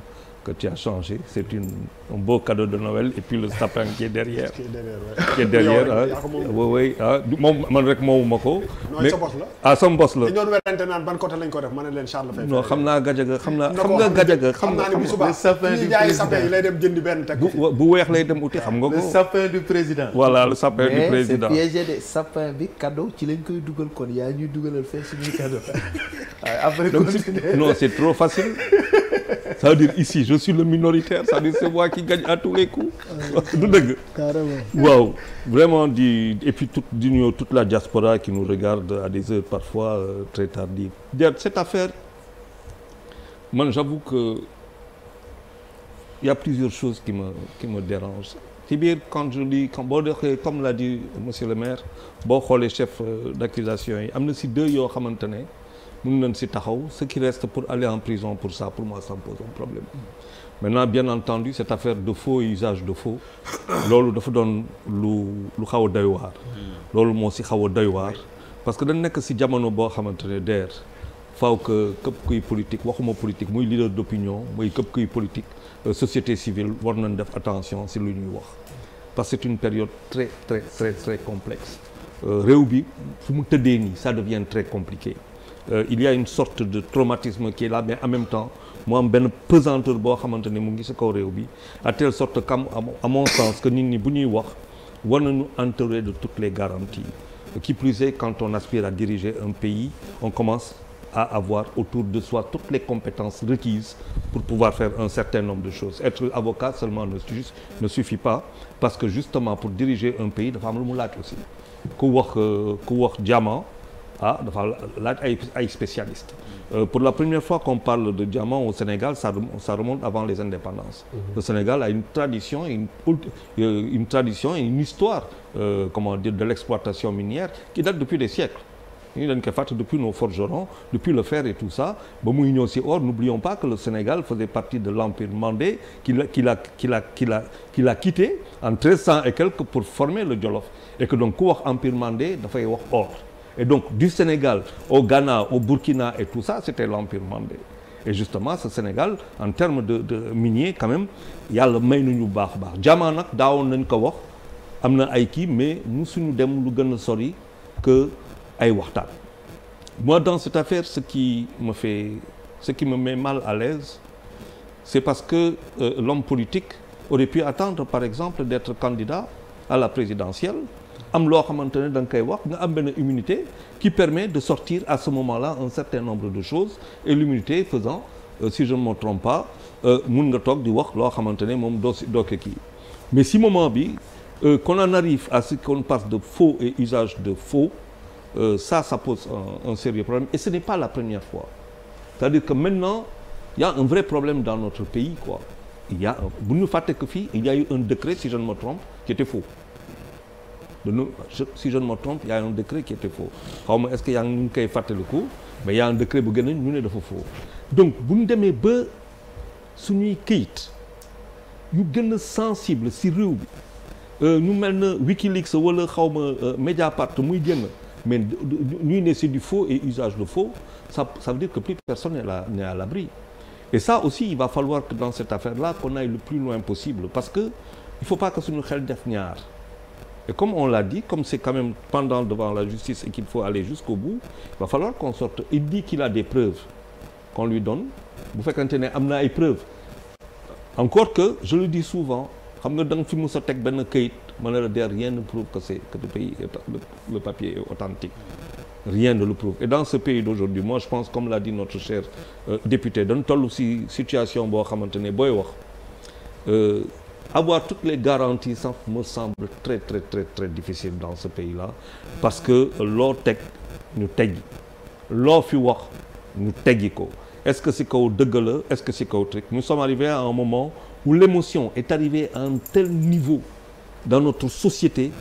que tu as changé. C'est un beau cadeau de Noël et puis le sapin qui est derrière. qui est derrière, ouais. Qui est derrière. ah oui oui ah moom man rek moomuma ko. mais sa bos la. ah sama bos la. ñoom werante naan ban côté lañ ko def ma ne leen Charles Faye. non xam naa gajaga xam naa. xam nga gajaga xam naa ne bu subaa ñi jaay sapin yi lay dem jëndi benn teg. bu weex lay dem uti xam nga ko. le sapin du président. voilà le sapin du président mais c'est piégé de sapin bi cadeau ci lañ koy dugal kon yaa ñuy dugalal fee suñuy cadeau. après continuer non c'est trop facile. ça veut dire ici je suis le minoritaire c'est moi qui gagne à tous les coups du dëgg carrément waaw vraiment di et puis tout toute la diaspora qui nous regarde à des heures parfois euh, très tardives cette affaire man j'avoue que il y a plusieurs choses qui me dérangent ci biir quand je dis quand boo comme l'a dit monsieur le maire boo xoolee chef euh, d'accusation yi am na si deux yoo xamante ne mun nañ si taxaw ce qui reste pour aller en prison pour ça pour moi ça me pose un problème maintenant bien entendu cette affaire de faux et usage de faux loolu dafa doon lu lu xaw a doy hmm. loolu moo si xaw a doy parce que dañ nekk si jamono boo xamante ne der faaw que képp kuy politique waxuma politique muy leader d'opinion muy këpp kuy politique euh, société civile war nañ def attention si lu ñuy wax parce que c'est une période très très très très complexe euh, réew bi fu mu tëddee nii ça devient très euh, il y a une sorte de traumatisme qui est là mais en même temps mu am benn pesanteur boo xamante ne mu ngi si kaw réew bi à telle sorte que à mon sens que ni ni bu ñuy wax war nañu entourer de toutes les garanties qui plus est quand on aspire à diriger un pays on commence à avoir autour de soi toutes les compétences requises pour pouvoir faire un certain nombre de choses être avocat seulement ne juste ne suffit pas parce que justement pour diriger un pays dafa am lu mu laaj aussi ku wax euh, ku wax diamant ah dafa laaj ay ay spécialistes. Euh, pour la première fois qu'on parle de diamant au Sénégal ça ça remonte avant les indépendances. Mhm. le Sénégal a une tradition une euh, une tradition et une histoire euh, comment dire de l'exploitation minière qui date depuis des siècles. ñu dañ koy fàttali depuis nos forgerons depuis le fer et tout ça ba muy ñëw si or n'oublions pas que Sénégal faisait partie de l'empire mandé qui l'a qui l'a qui l'a qui l'a qui quitté en 1300 et quelques pour former le Jolof et que donc ku wax empire mandé dafay wax or. Et donc, du Sénégal au Ghana, au Burkina et tout ça, c'était l'Empire mandé. Et justement, ce Sénégal, en terme de, de minier, quand même, yàlla may ñu baax baax jamaa nag daawoon nañ ko wax am na ay kii mais mu suñu dem lu gën a sori que ay waxtaan. Moi, dans cette affaire, ce qui me fait, ce qui me met mal à l'aise, c'est parce que euh, l'homme politique aurait pu attendre, par exemple, d'être candidat à la présidentielle am loo xamante ne da nga koy wax nga am benn immunité qui permet de sortir à ce moment-là un certain nombre de choses et l'immunité faisant euh, si je ne me trompe pas euh, mun nga toog di wax loo xamante ne moom doo si doo kii mais si moment bi euh, qu'on en arrive à ce qu'on passe de faux et usage de faux euh, ça ça pose un, un sérieux problème et ce n'est pas la première fois c'est-à-dire que maintenant il y a un vrai problème dans notre pays quoi il y a bu fàtte que fii il un décret si je ne me trompe dañu si je ne me trompe il y a un décret qui était faux xaw ma est-ce que yaa ngi ñu ngi koy fàttaliku mais il a un décret bu gën a ñu ne dafa faux donc bu ñu demee ba suñuy këyit yu gën sensible si réew bi euh, ñu mel na Wikileaks wala xaw ma euh, Mediapart muy génn mais ñuy ne c'est du faux et usage de faux ça ça veut dire que plus personne n'est à l'abri et ça aussi il va falloir que dans cette affaire là qu'on aille le plus loin possible parce que il faut pas que suñu xel def ñaar Et comme on l'a dit, comme c'est quand même pendant devant la justice et qu'il faut aller jusqu'au bout, il va falloir qu'on sorte. Il dit qu'il a des preuves qu'on lui donne. Bu fekkante ne am na ay preuves. Encore que, je le dis souvent, xam nga dans fi mos a teg benn kayit ma der rien ne prouve que c'est que le papier est authentique. Rien ne prouve. Et dans ce pays d'aujourd'hui, moi je pense comme l'a dit notre cher euh, député dañ toll si situation boo xamante ne booy wax. Euh, avoir toutes les garanties ça me semble très très très très difficile dans ce pays là parce que loo teg ñu teg loo fi wax ñu teggi ko est-ce que si kaw dëgg la est-ce que si kaw truc nous sommes arrivés à un moment où l'émotion est arrivée à un tel niveau dans notre société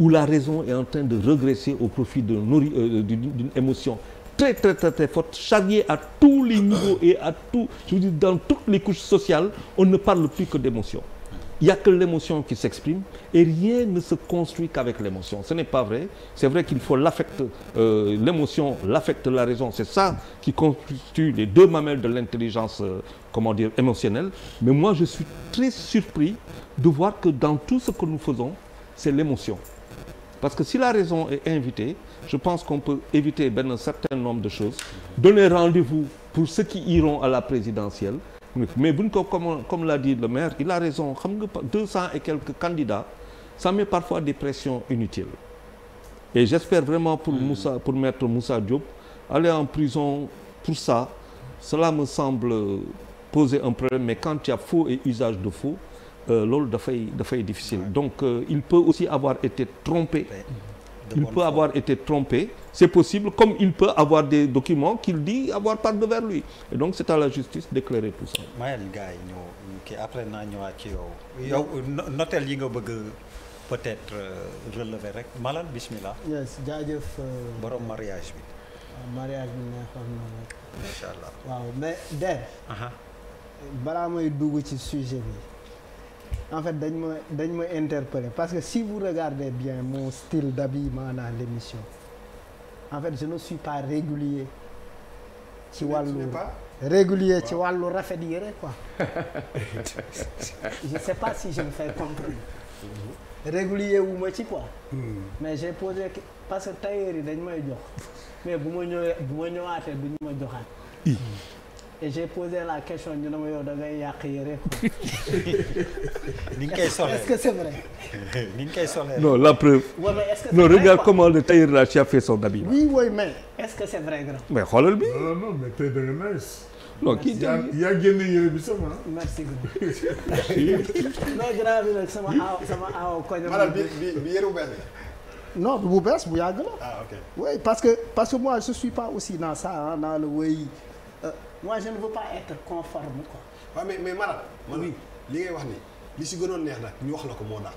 où la raison est en train de régresser au profit de euh, d'une émotion très très très très forte charriée à tous les niveaux et à tout je veux dire dans toutes les couches on ne parle plus Il n'y a que l'émotion qui s'exprime et rien ne se construit qu'avec l'émotion. Ce n'est pas vrai. C'est vrai qu'il faut l'affect, euh, l'émotion, l'affect, la raison. C'est ça qui constitue les deux mamelles de l'intelligence, euh, comment dire, émotionnelle. Mais moi, je suis très surpris de voir que dans tout ce que nous faisons, c'est l'émotion. Parce que si la raison est invitée, je pense qu'on peut éviter ben, un certain nombre de choses. Donner rendez-vous pour ceux qui iront à la présidentielle. mais buñ ko comme comme l'a dit le maire il a raison xam nga deux cent et quelques candidats ça met parfois des pressions inutiles et j'espère vraiment pour mm. Moussa pour maître Moussa Diop aller en prison pour ça cela me semble poser un problème mais quand il y faux et usage de faux euh, loolu dafay dafay difficile donc euh, il peut aussi avoir été avoir été trompé c'est possible comme il peut avoir des documents qu'il dit avoir par devers lui et donc c'est à la justice d'éclairer tout ça. mayal gars yi ñëw kii après naa ñëwaat ci yow yow notel yi nga bëgg peut-être euh, relever rek malal bismillah. yes jaajëf. Euh, borom mariage bi. mariage bi neexoon na rek. macha allah waaw mais Der. balaa may dugg ci sujet bi. en fait dañ ma dañ ma interpeller parce que si vous regardez bien mon style d'habillement dans l'émission en fait je ne suis pas régulier ci wàllu régulier ci wàllu rafet yére quoi je ne sais pas si je me fais comprendre mhm. régulier wu ma ci ko hmm. mais j'ai posé parce que tailleur yi dañ may jox mais bu ma ñëwee bu ma ñëwaatee duñ ma joxaat et j'ai posé la question ñu ne ma yow da ngay yàq yére ni nga koy solee est-ce que c'est vrai. ni nga koy solee non la preuve. Ouais, est-ce que non regarde comment le tailleur là qui a fait son habit. oui oui mais est-ce que c'est vrai grand. mais xoolal bi. non non mais tey da nga nice. non kii yaa yaa génne yére bi sama. Ah. merci beaucoup. non grand bi nag sama aw sama aw koñ. maanaam bi bi bi yére bu bees non bu bees bu yàgg la. ah ok oui parce que parce que moi je suis pas aussi dans ça hein, dans le way. Euh, moi je ne veux pas être conforme quoi. waaw ah, mais mais Mara. man li ngay wax ni li si gënoon neex nag ñu wax la ko moo dàq.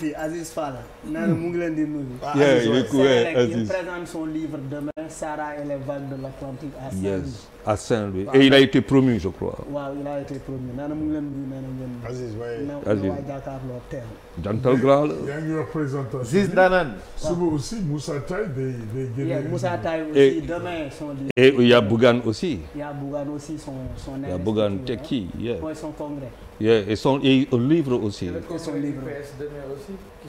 fii Aziz Fall. nee na mu ngi leen di nuyu. waaw Aziz Fall Sénélec il présente son livre demain Sarah et les vagues de l'Atlantique à à Saint-Louis. et il a été promu je crois. waaw il a été promu nee na mu ngi leen di nee na ngeen. Aziz waaye Aziz waaye jàkkaarloo teel. jantal grand la. yaa ngi wax présentation. Ziz Danan. suba aussi Moussa Taye day day génne. Moussa Taye aussi demain son. et il y a Bougane aussi. il y a Bougane aussi son son. il y a Bougane Tekki yeah. mooy son congrès. Yeah. et son et un livre aussi. et son livre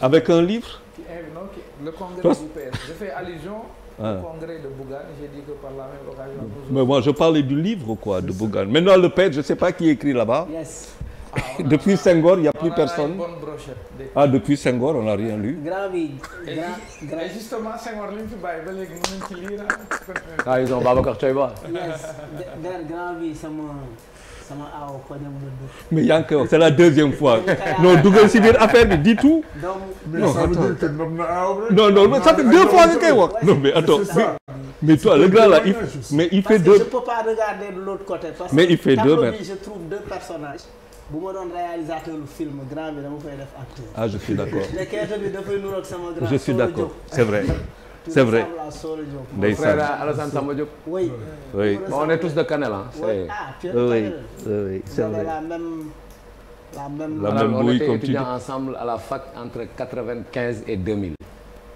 avec un livre. qui invite non le congrès du PS je fais allusion. Ah. Au congrès de Bougane, j'ai je parlais du livre, quoi, de Bougane. Maintenant, le père, je ne sais pas qui écrit là-bas. Ah, depuis Senghor, il n'y a plus personne. ah depuis Senghor, on n'a rien lu. grand bi grand justement Senghor li mu fi bàyyi ba léegi mën sama aaw koñam la dugg. mais la deuxième fois. non dugal si biir affaire bi di tout. non non non sa fait deux fois nga koy wax. non mais attends mais toi le grand là il mais il fait deux. de l'autre mais il fait deux bu ma doon réalisateur lu film koy def acteur. ah je suis d'accord. mais je suis d'accord c'est vrai. c'est vrai ndeysaan Alassane Samba Diop. oui oui on est tous de Kanel ah. oui oui oui c'est vrai. la même la même bouille comme tu dis on était étudiants ensemble à la fac entre quatre vingt quinze et deux mille.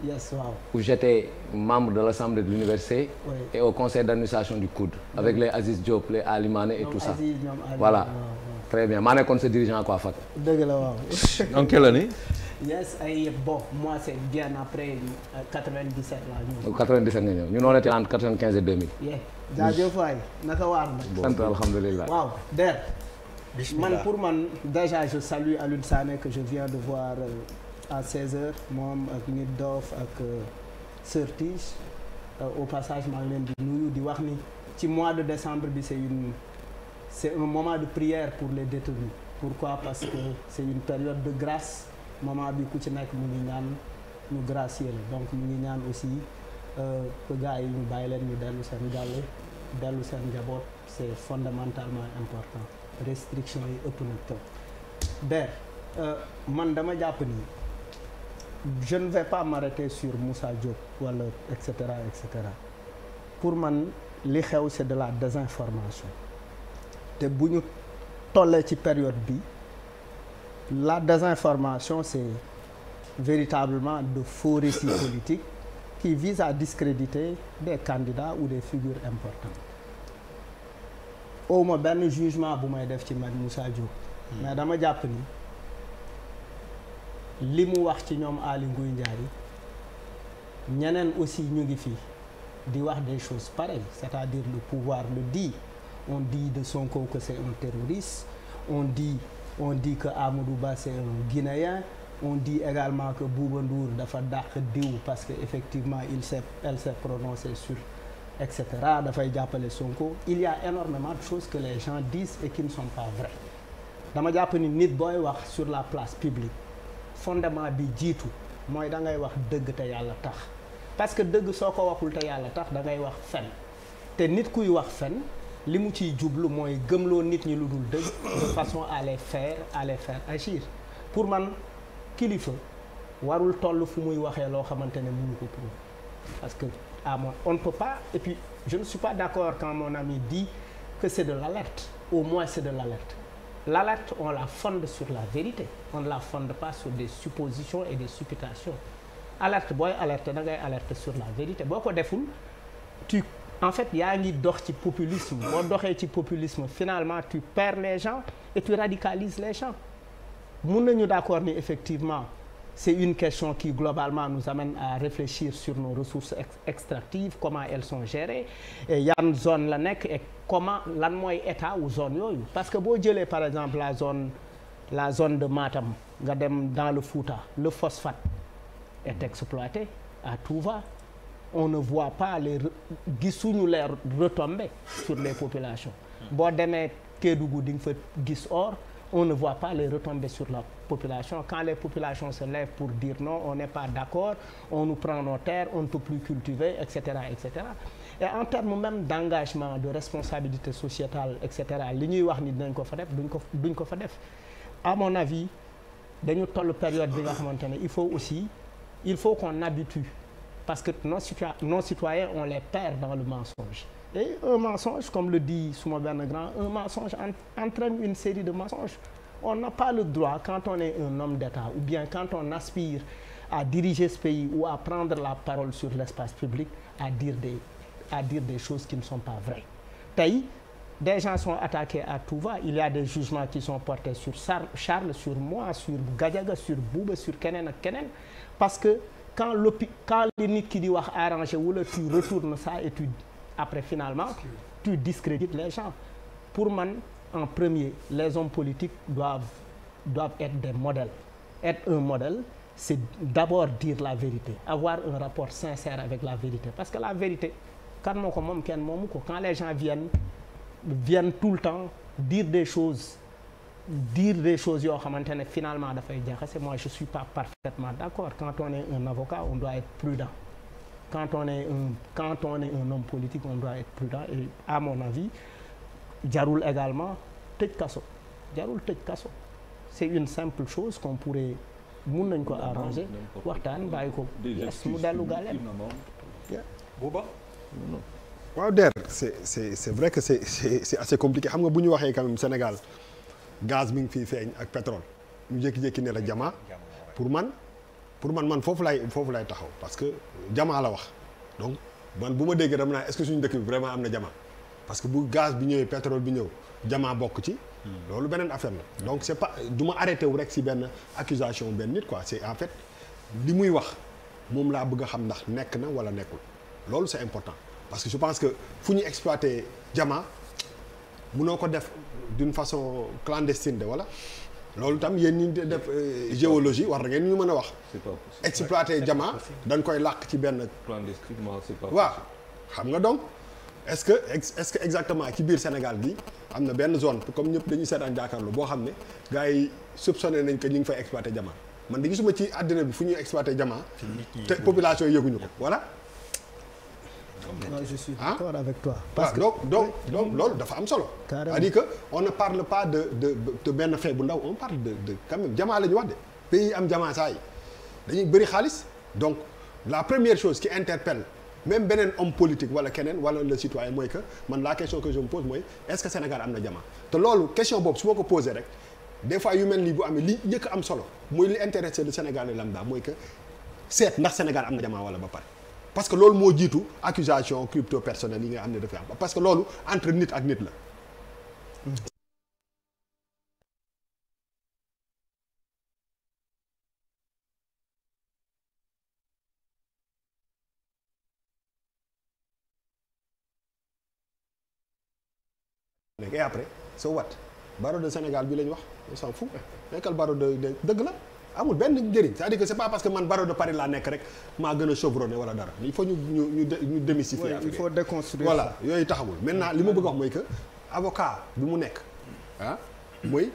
yes waaw. où j'étais membre de l'assemblée de l'université. Oui. et au conseil d'administration du COUD. avec les Aziz Diop les Ali Mané et non, tout Aziz, ça. Non, Ali, voilà non, très bien maa nekkoon sa dirigeant quoi fac. dëgg la waaw. en quelle année. Yes, I, bon, moi c'est bien après euh, 97 là. 97 nga ñëw ñun on était entre 95 et 2000. yeah jaajëf waay naka waar na. sant alhamdulilah waaw der. man pour man déjà je salue Alioune Sané que je viens de voir euh, à 16h moom ak nit doof ak euh, Sœur euh, au passage maa ngi leen di nuyu di wax ni ci mois de décembre bi c'est une c'est un moment de prière pour les détenus pourquoi parce que c'est une période de grâce. moment bi ku ci nag mu ngi ñaan ñu gracier la donc mu ngi ñaan aussi euh, que gars yi ñu bàyyi leen ñu dellu seen gàlle dellu seen njaboot c'est fondamentalement important restriction yi ëpp na tëb der euh, man dama jàpp ni je vais pas m'arrêter sur Moussa Diop wala et cetera et pour man li xew c'est de la désinformation te bu ñu tollee ci période bi la désinformation, c'est véritablement de faux récits politiques qui visent à discréditer des candidats ou des figures importantes. awma benn jugement bu may def ci man Moussa Diop hmm. mais dama jàpp ni li mu wax ci ñoom Aly Ngouille yi ñeneen aussi ñu ngi fi di wax des choses pareilles c'est-à-dire le pouvoir le di on di de Sonko que c'est un terroriste on di on di que Amadou Ba c'est un on di également que Bouba Ndour dafa dàq diw parce que effectivement il s'est elle s'est sur et cetera dafay jàppale Sonko il y a énormément de choses que les gens disent et qui pas vraies dama jàpp ni nit booy wax sur la place publique fondement bi jiitu mooy da ngay wax dëgg te yàlla tax parce que dëgg soo ko waxul te yàlla tax da ngay wax fen te nit kuy wax fen li mu ciy jublu mooy gëmloo nit ñi lu dul dëgg de façon à fair faire à faire agir pour man kilifa warul toll fu muy waxee loo xamante ne mënu ko prouver parce que ah moi on ne peut pas et puis je ne suis pas d'accord quand mon ami dit que c'est de l'alerte au moins c'est de l'alerte l'alerte on la fonde sur la vérité on ne la fonde pas sur des suppositions et des supputations alerte booy alerte da ngay alerte sur la vérité boo ko deful tu en fait yaa ngi dox ci populisme boo doxee ci populisme finalement tu perds les gens et tu radicalises les gens mun nañu d'accord ni effectivement c'est une question qui globalement nous amène à réfléchir sur nos ressources ex extractives comment elles sont gérées et yan zone la nekk et comment lan mooy état ou zone yooyu parce que boo jëlee par exemple la zone la zone de Matam nga dem dans le Fouta le phosphate est exploité à tout va on ne voit pas les gisuñu les retombées sur les populations boo demee Kédougou di nga fa gis or on ne voit pas les retombées sur la population quand les populations se lèvent pour dire non on n'est pas d'accord on nous prend nos terres on ne peut plus cultiver etc etc et en termes même d'engagement de responsabilité sociétale etc li ñuy wax ni dinañ ko fa def duñ ko duñ ko fa def à mon avis dañu toll période bi nga xamante ne il faut aussi il faut qu'on habitue parce que nos citoyens, on les perd dans le mensonge. Et un mensonge, comme le dit Souma Bernegrand, un mensonge entraîne une série de mensonges. On n'a pas le droit, quand on est un homme d'État, ou bien quand on aspire à diriger ce pays ou à prendre la parole sur l'espace public, à dire, des, à dire des choses qui ne sont pas vraies. Taï, des gens sont attaqués à tout va. Il y a des jugements qui sont portés sur Charles, sur moi, sur Gadiaga, sur Bouba, sur Kenen, Kenen, parce que quand l'opi quand li nit ki di wax arrangé wala tu retournes ça et tu après finalement tu discrédites les gens pour man en premier les hommes politiques doivent doivent être des modèles être un modèle c'est d'abord dire la vérité avoir un rapport sincère avec la vérité parce que la vérité kan moo ko moom kenn moomu ko quand les gens viennent viennent tout le temps dire des choses dire des choses yoo xamante ne finalement dafay jaxase moi je suis pas parfaitement d'accord quand on est un avocat on doit être prudent quand on est un quand on est un homme prudent et à mon avis jarul également tëj kaso jarul tëj kaso c'est une simple chose qu'on pourrait mun nañ ko arranger waxtaan bàyyi ko yes mu dellu gàlleem booba waaw Der c'est c'est c'est vrai que c'est c'est c'est assez compliqué xam nga bu ñu waxee quand même Sénégal gaz mi ngi fii feeñ ak pétrole ñu jékki-jékki ne la jamaa pour man pour man man foofu lay foofu lay taxaw parce que jamaa la wax donc man bu ma déggee dama naa est-ce vraiment am na jamaa parce que bu gaz bi ñëwee pétrole bi ñëw jamaa bokk ci loolu beneen affaire la donc c'est pas du ma arrêté wu rek si benn accusation benn nit quoi c'est en fait li muy wax moom laa bëgg a xam ndax nekk na wala nekkul loolu c'est important parce que je pense que fu ñu exploité jamaa munoo ko def d'une façon clandestine de voilà. loolu tam yéen ñi def euh, géologie war ngeen ñu mën a wax. exploité jama dañ koy làkk ci benn. clandestinement c'est pas waaw xam nga donc est-ce que est-ce que exactement ci biir Sénégal gi am na benn zone comme ñëpp dañuy seetaan jàkkaarloo boo xam ne gars yi soupçonné nañ que ñu ngi fay exploité jama man de gisuma ci àddina bi fu ñuy exploité jama te population yëguñu ko voilà. non je suis d'accord avec toi. parce ah, que donc donc donc loolu dafa am solo. carrément c'est-à-dire que on ne parle pas de de de benn fait bu ndaw on parle de de quand même jamaa la ñu wax de pays yi am jamaa saa yi dañuy bëri xaalis donc la première chose qui interpelle même beneen homme politique wala keneen wala le citoyen mooy que man la question que je me pose mooy est-ce que Sénégal am na jamaa te loolu question boobu su ma ko posé rek des fois yu mel nii bu amee li njëkk am solo mooy li intéressé le Sénégalais lambda mooy que seet ndax Sénégal am na jamaa wala ba pare. parce que loolu moo jiitu accusation crypto personnelle yi nga am ne dafay am parce que loolu entre nit ak nit la. et après so bi la wax on s'en fout la. amul benn njëriñ c'est-à-dire que c'est pas parce que man barreau de Paris laa nekk rek maa gën a chevronné wala dara il faut ñu ñu ñu démystifier il faut déconstruire voilà yooyu taxawul maintenant li ma bëgg wax mooy que avocat bi mu nekk ah mooy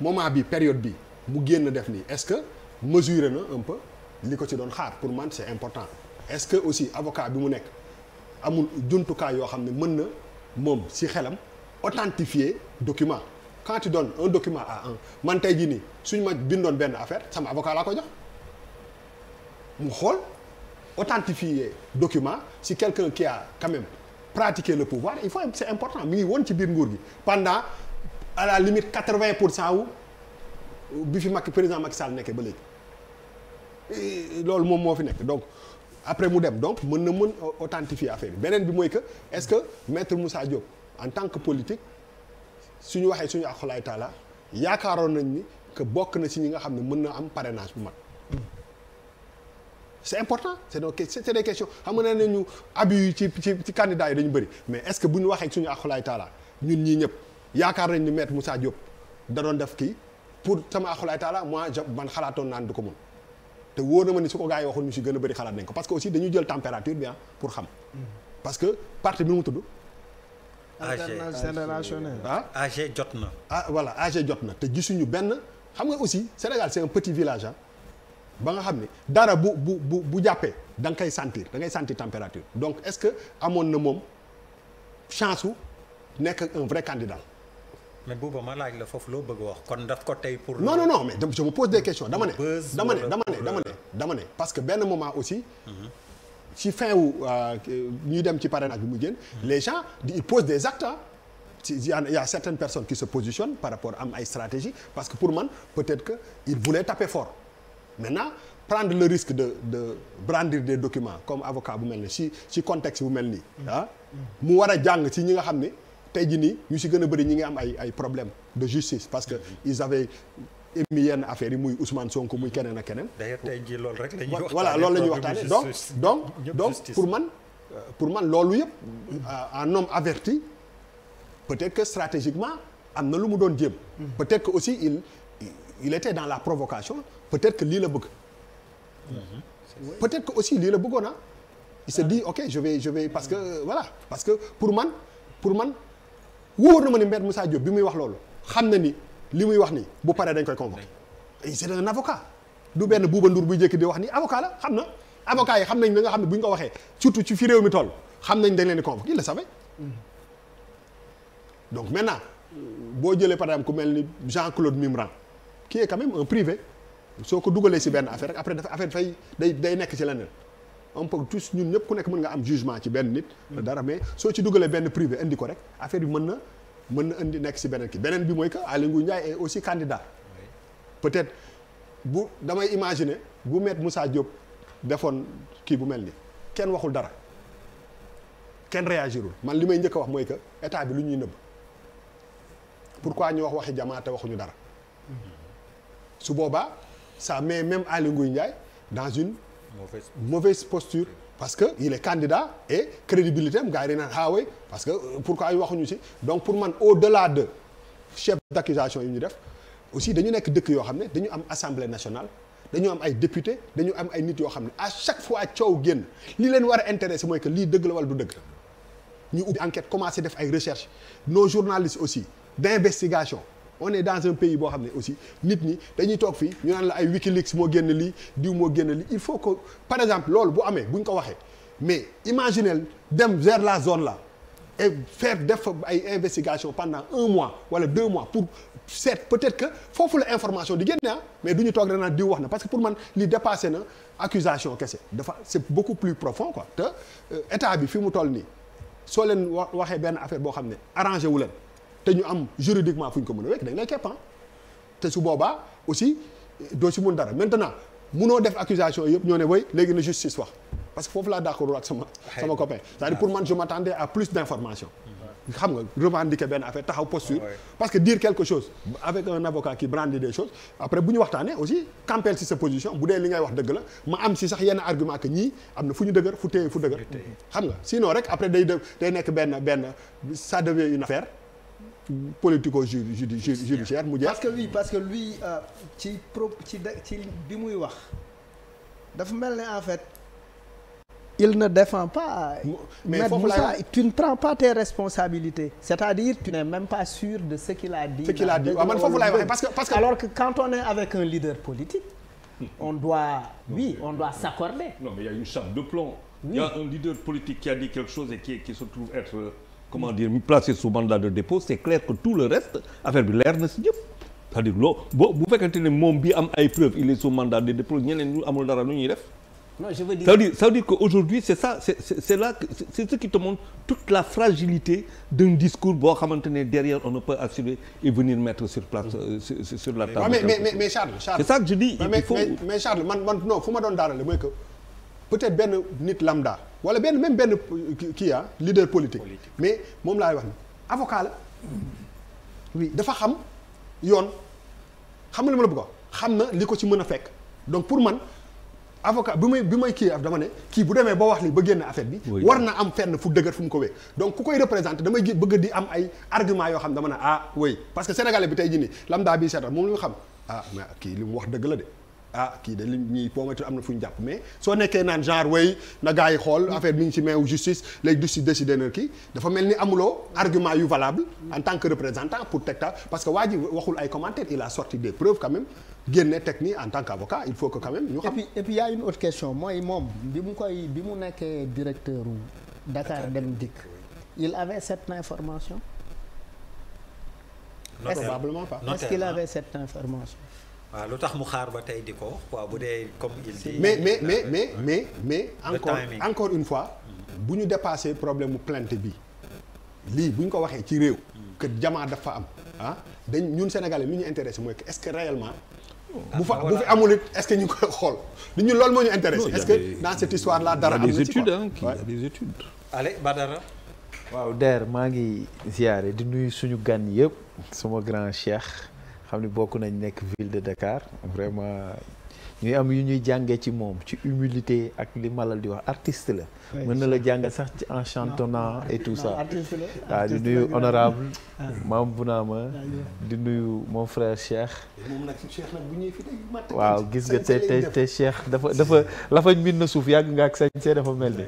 moment bi période bi mu génn def nii est-ce que mesuré na un peu li ko si doon xaar pour man c'est important est-ce que aussi avocat bi mu nekk amul jumtukaay yoo xam ne mën na moom si xelam authentifier document quand tu donnes un document à un man tey jii nii suñ ma bindoon benn affaire sama avocat laa ko jox mu xool authentifier document ci quelqu'un qui a quand même pratiqué le pouvoir il faut c'est important mi ngi woon ci biir nguur gi pendant à la quatre-vingt pour cent wu bi fi Macky président Macky Sall nekkee ba léegi loolu moom moo fi nekk donc après mu dem donc mën na mën authentifier affaire bi beneen bi mooy que est-ce que maître Moussa Diop en tant que politique suñu waxee suñu ak xulaay taala yaakaaroon nañ ni que bokk na si ñi nga xam ne mën na am parrainage bu mag c'est important c'est donc c'est des questions xam ne ñu abus ci ci ci candidats yi dañu bëri mais est-ce que bu ñu waxee suñu ak xulaay taala ñun ñii ñëpp yaakaar nañ ni maître Moussa Diop da doon def kii pour sama ak xulaay taala moi man xalaatoon naan du ko mun te wóor na ma ni su ko gars yi waxoon ñu si gën a bëri xalaat nañ ko parce que aussi dañuy jël température bien ah pour xam mm. parce que parti bi mu tudd alternance générationnelle ah AG ah. ah, jot na ah voilà AG ah, jot na te gisuñu benn xam nga aussi Sénégal c'est un petit village ah ba nga xam ne dara bu bu bu bu jàppee da nga koy sentir da ngay sentir température donc est-ce que amoon na moom chance wu nekk un vrai candidat mais Bouba ma laaj la foofu loo bëgg wax kon daf ko tey pour. non non non mais je me pose des questions dama ne dama ne dama ne dama parce que benn moment aussi. Mhm. ci fin wu euh, ñuy dem ci parrainage bi mu génn les gens ils posent des actes il y a, il y a certaines personnes qui se positionnent par rapport am ay stratégie parce que pour man peut-être que il voulaient taper fort maintenant prendre le risque de de brandir des documents comme avocat bu mel ni si si contexte bu mel nii ah mu war a jàng ci ñi nga xam ne tey jii nii ñu si gën a bëri ñu ngi am ay ay problèmes de justice parce que ils avaient émi yenn affaires yi muy Ousmane Sonko muy keneen a keneen. d'ailleurs tey jii loolu rek la ñuy waxtaanee voilà loolu la ñuy waxtaanee donc donc donc pour man pour man loolu yëpp en euh, homme averti peut-être que stratégiquement am na lu mu doon jéem. peut-être que aussi il il était dans la provocation peut-être que lii la bëgg. Mm-hmm. peut-être que aussi lii la bëggoon ah. il se ah. dit ok je vais je vais parce que voilà parce que pour man pour man wóor na ma ni Maître Moussa Diop bi muy wax loolu xam na ni. li muy wax nii bu paree dañ koy convoqué c'est un avocat du benn Bouba Ndour buy jékki di wax ni avocat la xam na avocat yi xam nañ da nga xam ne bu ñu ko waxee surtout ci fi réew mi toll xam nañ dañ leen di convoqué il le savait donc maintenant boo jëlee par exemple ku mel ni Jean-Claude Mimran qui est quand même un privé soo ko dugalee si benn affaire rek après dafa affaire day day nekk ci leneen on peut tous ñun ñëpp ku nekk mën nga am jugement ci benn nit dara mais soo ci dugalee benn privé indi ko rek affaire bi mën na mën na indi nekk si beneen ki beneen bi mooy que Aly Ngouille Ndiaye est aussi candidat peut-être bu damay imaginer bu met Moussa Diop defoon kii bu mel ni kenn waxul dara kenn réagirul man li may njëkk a wax mooy que état bi lu ñuy nëbb pourquoi ñu wax waxi jamaa te waxuñu dara su boobaa sa mais même Aly Ngouille Ndiaye dans une mauvaise posture parce que il est candidat et crédibilité am gars yi dañu naan ah parce que euh, pourquoi ay waxuñu ci donc pour man au la de chef d'accusation yu ñu def aussi dañu nekk dëkk yoo xam ne dañu am assemblée nationale dañu am ay député dañu am ay nit yoo xam ne à chaque fois coow génn li leen war a intéresser mooy que lii dëgg la wala du dëgg ñu ubbi enquête commencé def ay recherche nos journalistes aussi d'investigation on dans un pays boo xam ne aussi nit ñi dañuy toog fii ñu naan la ay Wikileaks moo génn lii diw moo génn lii il faut que par exemple loolu bu amee bu ñu ko waxee mais imaginez dem vers la zone la et faire def ay investigation pendant un mois wala deux mois pour seet peut-être que foofu la information di génne ah mais du toog danaa diw wax na parce que pour man li dépassé na accusation kese dafa c'est beaucoup plus profond ko te euh, état bi fi mu toll nii soo leen waxee benn affaire boo xam ne arrangé wu leen te ñu am juridiquement fu ñu ko mën a wekk dañ lay kepp ah. te su boobaa aussi eh, doo si mun dara maintenant munoo def accusation yëpp ñoo ne way léegi na justice wax parce que foofu laa d'accord ak sama sama copain c'est-à-dire pour man je m'attendais à plus d'informations xam nga revendiquer benn affaire taxaw posture ah parce que dire quelque chose avec un avocat qui brandit des après bu ñu waxtaanee aussi campeel si sa position bu dee li ngay wax dëgg la ma am si sax yenn argument que ñii am na fu ñu dëgër fu téye fu dëgër xam nga sinon rek après day day nekk benn benn ça devient une affaire politico judiciaire mu jeex. parce que lui que lui euh, ci pro ci de ci bi muy wax dafa mel ne en fait. il ne défend pas. mais Maître Moussa tu ne prends pas tes responsabilités. c'est-à-dire tu n'es même pas sûr de ce qu'il a dit. Ah, parce que parce que. alors que quand on est avec un leader politique. on doit. Non, oui on doit s'accorder. non mais il y a un leader politique qui a dit quelque chose et qui se trouve être. comment dire placé sous mandat de dépôt c'est clair que tout le reste affaire bi leer na si ñëpp cest à loo boo bu fekkente ne moom bi am ay preuves il est sous mandat de dépôt ñeneen ñu amul dara nu ñuy def. non je veux dire que aujourd'hui c'est ça c'est c'est c'est ce qui te montre toute la fragilité d'un discours boo xamante ne derrière on ne peut assurer et venir mettre sur place euh, sur la table. mais mais mais Charles Charles. c'est ça que je dis il faut mais mais Charles peut-être benn nit lambda wala benn même benn kii ah leader politique. politique. mais moom laay wax ni avocat la. oui dafa xam yoon xam nga ma la bëgg a xam na li ko ci mën a fekk donc pour man. avocat bi may bi may kii af ah, dama ne kii bu demee ba wax li ba génn affaire bi war na am fenn fu dëgër fu mu ko wee donc ku koy représenté damay bëgg di am ay argument yoo xam dama ne ah oui parce que sénégalais bi tey jii nii lambda bi seetal moom li mu xam ah mais kii li mu wax dëgg la de ah kii de li ñuy boo moytu am na fu ñu jàpp mais soo nekkee naan genre way na gars yi xool affaire mi ngi ci main justice léegi du si décider na dafa mel ni amuloo argument yu valable en tant que représentant pour Tektal parce que waa ji waxul ay commentaires il a sorti des preuves quand même génne technique en tant qu'avocat il faut que quand même xam a une autre mooy moom bi mu koy bi mu nekkee directeur Dakar Dem Dikk il avait cette information probablement pas est-ce qu'il avait waaw lu tax mu xaar ba tey di ko waaw bu dee comme il dit. mais mais mais euh, mais mais mais encore encore une fois. bu ñu dépassé problème mu plainte bi lii bu ñu ko waxee ci réew. que jamaa dafa am ah dañ ñun sénégalais lu ñu intéressé mooy que est-ce que réellement. bu fa ah, bu fi amul it est-ce que ñu koy xool nit ñu loolu moo ñu intéressé. est-ce que dans cette histoire là dara am na ci quoi y a des études allez Badara. waaw Der maa ngi ziyaare di nuyu suñu gan yëpp suma grand cheikh. xam ne bokk nañ nekk ville de Dakar vraiment ñu am yu ñuy jàngee ci moom ci humilité ak li malal di wax artiste la mën na la jàngal sax ci en chantonnant et tout ça waaw ah, di nuyu honorable ah. maam Bounama ah, di nuyu mon frère Cheikh waaw gis nga te te te Cheikh dafa dafa lafañ min na suuf yàgg nga ak sañsee dafa mel ni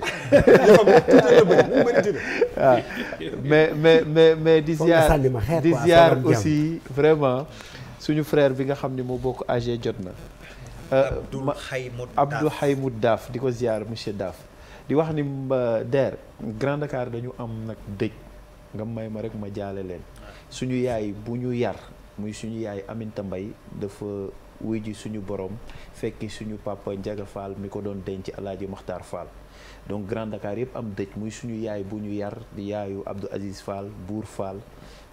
waaw mais mais mais mais di ziar di ziar aussi vraiment suñu frère bi nga xam ni moo bokk age jot na. Euh, Abdou Haymoud Daaf Abdou Daaf di ko ziar monsieur Daaf. di wax ni DER Grand car dañu am nag dëj nga may ma rek ma jaale leen suñu yaay bu ñu yar muy suñu yaay Aminta mbay dafa wuy ji suñu borom fekki suñu papa Ndiaga Fall mi ko doon denc Alaaji Maxtaar Fall donc Grand Dakar yëpp am dëj muy suñu yaay bu ñu yar di yaayu Abdou Aziz Fall buur Fall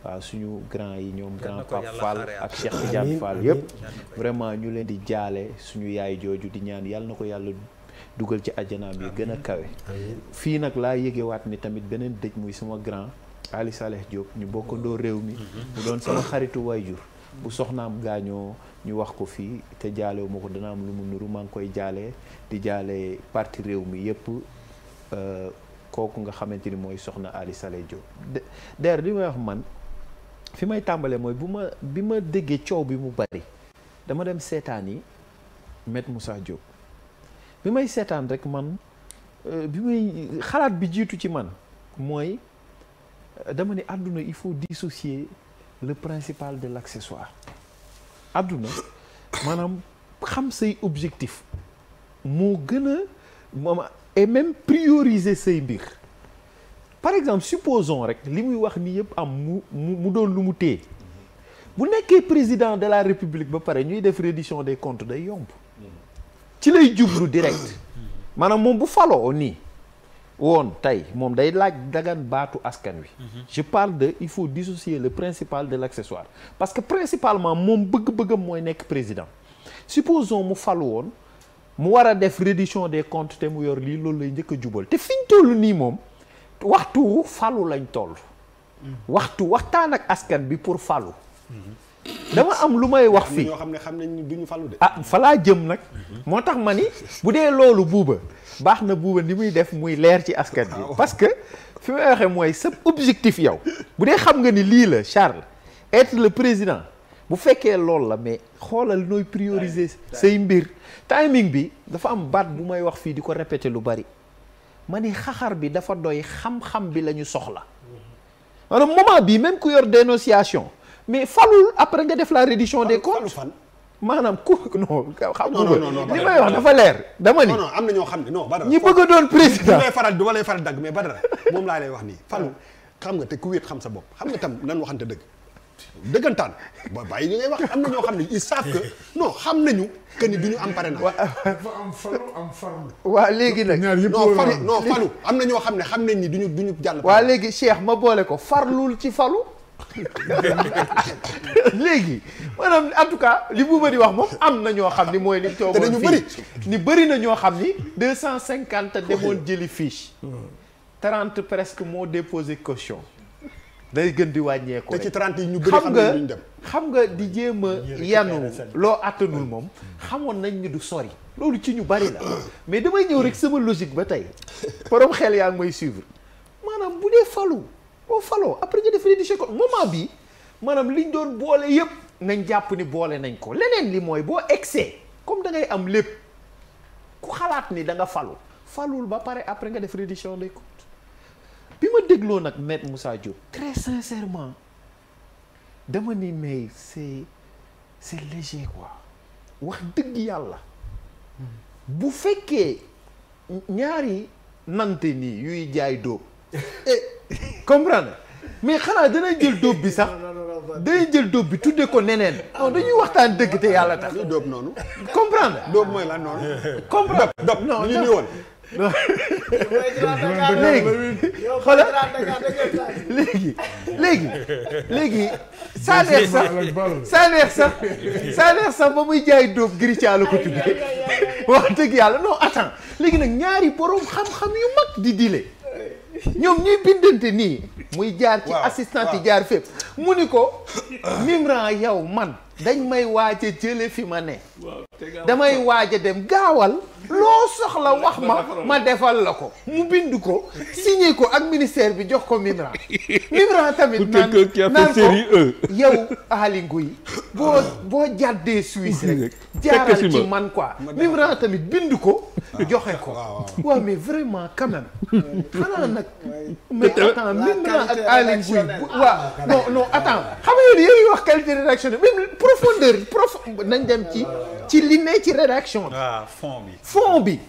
waaw suñu grand yi ñoom grand Pape ak Cheikh Tidiane Fall yëpp vraiment ñu leen di jaale suñu yaay jooju di ñaan yàlla na ko yàlla dugal ci ajjanaam yi gën a kawe fii nag laa yégewaat ni tamit beneen dëj muy sama grand Ali Saleh ñu bokkandoo réew mi mhm. mu doon sama xaritu waajur bu soxnaam gaañoo ñu wax ko fii te jaalewu ma ko dana am lu mu nuru maa ngi koy jaale di jaale parti réew mi yëpp Euh, kooku nga xamante ni mooy soxna alisale Saleh Diop d'ailleurs li may wax man fi may tàmbalee mooy bu ma bi ma déggee coow bi mu bari dama dem seetaani met musaa Moussa bi may seetaan rek man euh, bi may xalaat bi jiitu ci man mooy euh, dama ne àdduna il faut dissocier le principal de l'accessoire àdduna maanaam xam say objectif moo gën a et même prioriser say mbir par exemple supposon rek li muy wax nii yëpp am mu mu doon lu mu téye bu nekkee président de la république ba pare ñuy def reddition des comptes day yomb ci lay jublu direct maanaam moom bu faloo nii woon tey moom day laaj dagan baatu askan wi je parle de il faut dissocier le principal de l'accessoire parce que principalement moom bëgg-bëggam mooy nekk président supposons mu falu woon mu war a def reddition des comptes te mu yor lii loolu lay njëkk jubal te fiñ toll nii moom waxtu falu lañ toll waxtu waxtaan ak askan bi pour falu dama am lu may wax fii ñoo xam ne xam nañ duñu falu de ah falaa jëm nag moo tax ma ni bu dee loolu buuba baax na buuba ni muy def muy leer ci askan bi ah, parce que fi may waxee mooy sa objectif yow bu dee xam nga ni lii la Charles être le président bu fekkee loolu la mais xoolal nooy prioriser say mbir timing bi dafa am baat bu may wax fii di ko répéter lu bari ma ni xaxar bi dafa doy xam-xam bi la ñu soxla mm-hmm. maanaam moment bii même ku yor dénonciation mais falul après nga def la reddition des comptes maanaam ku non xam nga li may am na ñoo xam ne non Badara ñi bëgg a doon président lay faral mais Badara moom laa lay wax nii falu xam nga te ku wéet xam sa bopp xam nga tam nan waxante dëgg dëggantaan boo bàyyi ñu ngay wax am na ñoo xam ne ils savent que non xam nañu que ni du ñu am parrainage. dafa am falu am farlu. waaw léegi nag ñaar non falu non falu am na ñoo xam ne xam nañ ni du ñu du ñu jàll. waaw léegi Cheikh ma boole ko farlul ci falu. léegi maanaam en tout cas li bu bëri wax moom am na ñoo xam ni mooy li toogoon fii ni bëri na ñoo xam ni deux cent cinquante demoon jëli fiche. Hmm. trente presque moo déposé caution. day gën di wàññeeku rek ci 30 ñu bëri xam nga dem xam nga di jéem a yanu loo àttanul moom mm. xamoon nañ ni du sori loolu ci ñu bari la mais damay ñëw rek sama logique ba tey borom xel yaa ngi may suivre maanaam bu dee falu boo faloo après nga def rédiger ko moment bi maanaam liñ doon boole yëpp nañ jàpp ni boole nañ ko leneen li mooy boo excès comme da ngay am lépp ku xalaat ni da nga falu faluwul ba pare après nga def rédition day ko bi ma dégloo nag maître Moussa Diop très sincèrement dama ni mais c'est c'est léger quoi wax dëgg yàlla bu fekkee ñaari nante nii yuy jaay dóob eh, comprendre mais xanaa danañ jël dóob bi sax danañ jël dóob bi tudde ko neneen ah, non dañuy waxtaan dëgg te yàlla tax dóob noonu comprendre dóob mooy lan noonu comprendre dop ñu ni woon léegi xoolal léegi léegi léegi saa neex sax saa neex sax saa neex sax ba muy jaay dóob Grithiaal la ko tuddee wax dëgg yàlla non attends léegi nag ñaari borom xam-xam yu mag di dile ñoom ñuy bindante nii muy jaar ci assistant yi jaar fépp mu ni ko Mimran yow man dañ may waaj a jële fi ma ne damay waaj a dem gaawal loo soxla wax ma ma defal la ko mu bind ko signé ko ak ministère bi jox ko Mimran Mimran tamit naan naan ko e. yow Aly Ngouille boo boo jàddee Suisse rek jaaral ci man quoi Mimran tamit bind ko joxe ko waaw mais vraiment quand même xanaa nag mais attends Mimran ak Aly Ngouille waaw non non attends xam nga yéen yéen wax qualité profondeur prof nañ dem ci ci li ne ci rédaction bi. Ah, fond bi. fond bi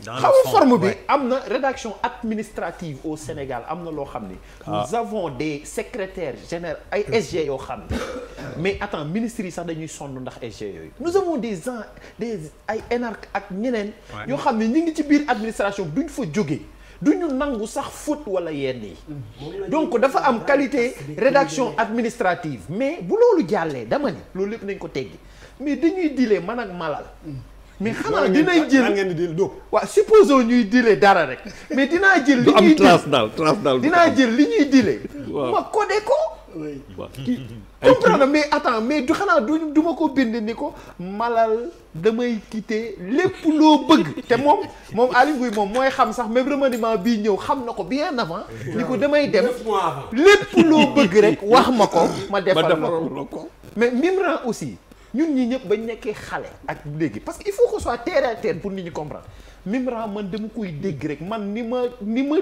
xamu bi am na rédaction administrative au Sénégal am na loo xam ni. Ah. nous avon des secrétaires généraux ay SG yoo xam ne mais attends ministres yi sax dañuy sonn ndax SG yooyu. nous avons des gens des ay énarques ak ñeneen. yoo xam ne ñu ngi ci biir administration duñ fa jógee. du ñu nangu sax faute wala yenn yi mm. donc dafa am qualité rédaction administrative mais bu loolu jàllee dama ni loolu lépp nañ ko teggi mais dañuy dilee man ak malal mm. mais xanaa dinañ jël ngeen di dil do waaw ñuy dile dara rek mais dinaa jël li ñuy dil dinaa jël li ñuy dile ma codé ko oui kii comprendre mais attends mais du xanaa du duma ma ko bind ni ko malal damay quitter lépp loo bëgg. te moom moom Aliou Ngouye moom mooy xam sax même remaniement bii ñëw xam na ko bien avant. ni ko damay dem lépp loo bëgg rek wax ma ko. ma defal ma ko mais Mimran aussi ñun ñi ñëpp bañ nekkee xale. ak léegi parce que il faut que soit terre à pour nit ñu comprendre. Mimran man dama koy dégg rek man ni ma ni ma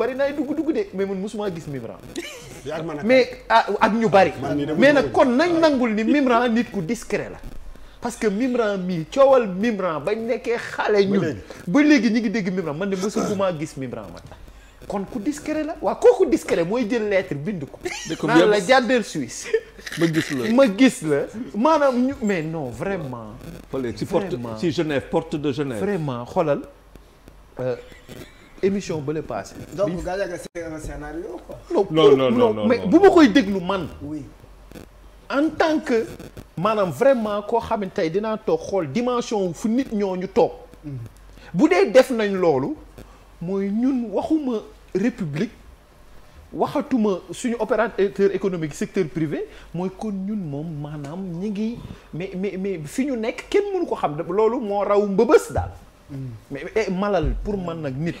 bari naay dugg dugg de mais man mosuma gis Mimran. mais ah ak ñu bari. mais nag kon nañ nangul ni Mimran nit ku discret la. parce que Mimran mii coowal Mimran bañ nekkee xale ñun. ba léegi ñu ngi dégg Mimran man de mosuma gis Mimran man. kon ku discret la waaw kooku discret mooy jël lettre bind ko. naan la jàddeel Suisse. ma gis la ma gis la. maanaam ñu mais non vraiment. vraiment si porte si Genève porte de Genève. vraiment xoolal euh, émission bële paase. donc Gadiaga c'est un scénario quoi. non non non non mais bu ma koy déglu man. oui tant que. maanaam vraiment koo xam ne tey dinaa toog xool dimension fu nit ñoo ñu toog. Mm. def nañ loolu. mooy ñun waxuma république waxatuma suñu opérateur économique secteur privé mooy kon ñun moom maanaam ñi ngi mais mais mais fi ñu nekk kenn mënu ko xam loolu moo raw mbëbës daal. mais eh, malal pour man nag nit.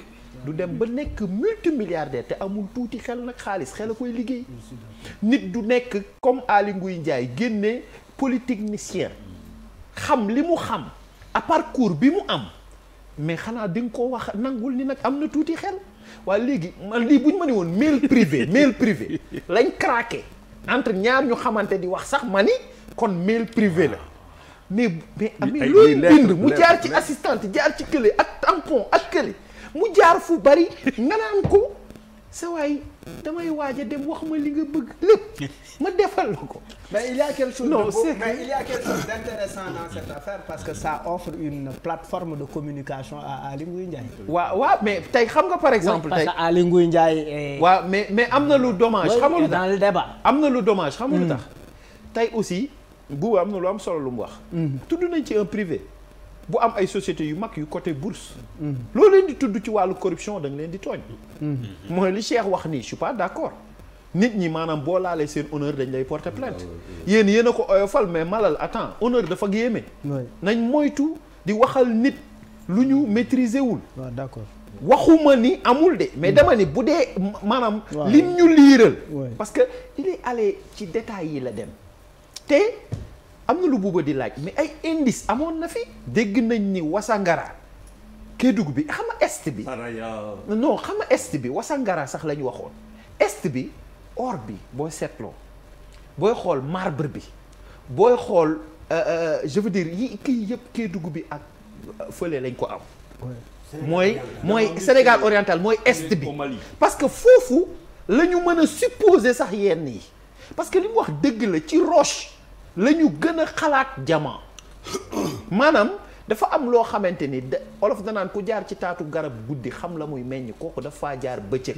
du dem ba nekk multimilliardaire te amul tuuti xel nag xaalis xel a koy liggéey. nit du nekk comme Aly Ngouille Ndiaye génne polytechnicien xam li mu xam à parcours bi mu am mais xanaa di nga ko wax nangul ni nag am na tuuti xel. waaye léegi man lii bu ñu ma ne woon mail privé mail privé lañ craqué entre ñaar ñu xamante di wax sax ma ni kon mail privé la ah. mais mais amee looy bind mu jaar ci assistante jaar ci kële ak tampon ak kële mu jaar fu bari nga naan ko sa waay damay waaj a dem wax ma li nga bëgg lépp ma defal la ko. mais il y a quelque chose non, il y a quelque chose d'intéressant affaire parce que ça offre une plateforme de communication à Aly Ngouille Ndiaye. waa waa mais tey xam nga par exemple. tey parce que Aly Ngouille Ndiaye. mais mais am na lu domage xam nga dans le débat. am na lu dommage xam nga hmm. tax. tey aussi bu am na lu am solo lu mu wax. Hmm. tudd nañ ci un privé. bu am ay sociétés yu mag yu côté bourse mm. loo leen di tudd ci wàllu corruption da leen di tooñ mm. mooy li Cheikh wax nii je suis pas d'accord nit ñi maanaam boo laalee seen honneur dañ lay porter plainte ah, yéen yéen a ko oyofal mais malal attends honneur dafa yéeme nañ moytu di waxal nit lu ñu maîtriser wul waaw ah, d'accord waxuma ni amul de mais mm. dama ni bu dee maanaam lim ñu liiral parce que il est ci détails yi la dem te am na lu buuba di laaj mais ay indice amoon na fi dégg nañ ni Wasangara Kédougou bi xam est bi non xam nga est bi Wasangara sax la ñu waxoon est bi or bi booy seetloo booy xool marbre bi booy xool euh, euh, je veux yi kii yëpp Kédougou bi ak euh, fële lañ ko am mooy mooy Sénégal oriental mooy est bi parce que foofu la ñu mën a supposer sax yenn yi parce que li mu wax dëgg la ci roche lañu ñu gën a xalaat jamaa maanaam dafa am loo xamante ni de olof danaan ku jaar ci taatu garab guddi xam la muy meññ kooku dafa jaar bëccëg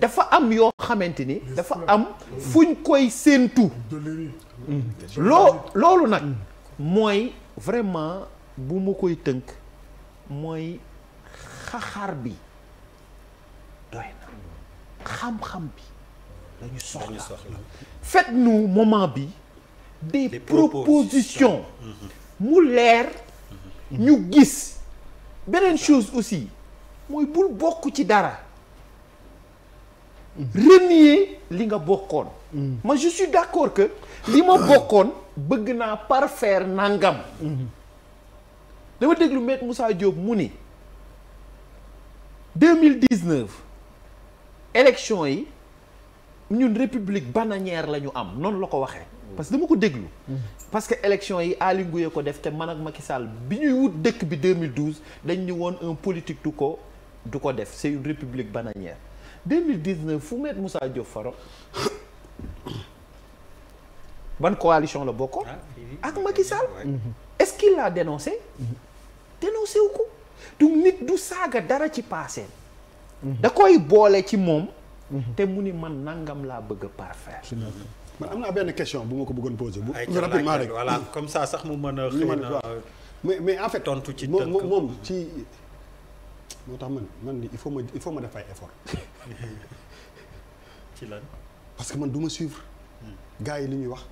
dafa am yoo xamante ni dafa am fuñ koy séentu loo loolu nag mooy vraiment bu mu koy tënk mooy xaxaar bi doy xam-xam bi dañu soxla faites-nous moment bi des, des mu leer ñu gis beneen chose aussi mooy bul bokk ci dara renier li nga bokkoon ma mm. je suis d'accord que li ma bokkoon bëgg naa parfaire nangam mm-hmm. dama déglu maître Moussa Diop mu ni 2019 élection yi ñun république bananière la ñu am noonu la ko waxee. parce que dama ko déglu. parce que élection yi Aly ko def te man ak Macky Sall bi ñuy wut dëkk bi 2012 dañ ñu woon un politique du ko du ko def c'est une république bananière 2019 fu met Moussa Diop faro ban coalition la bokkoon. Ah, ak Macky Sall. Mhm. est-ce qu'il l'a dénoncé. Mhm. dénoncé wu ko donc nit du saaga dara ci passé. Mhm. da koy boole ci moom. Mhm. te mu ni man nangam laa bëgg a parfaire. man am naa benn question bu ma ko bëggoon poser. bu rapidement rek voilà comme ça sax mu mën a. xëy na mais mais en fait. tontu ci tënk moom moom ci. moo tax man man il faut ma il faut ma def ay effort. ci lan. parce que man du ma suivre. Hmm. gars yi lu ñuy wax.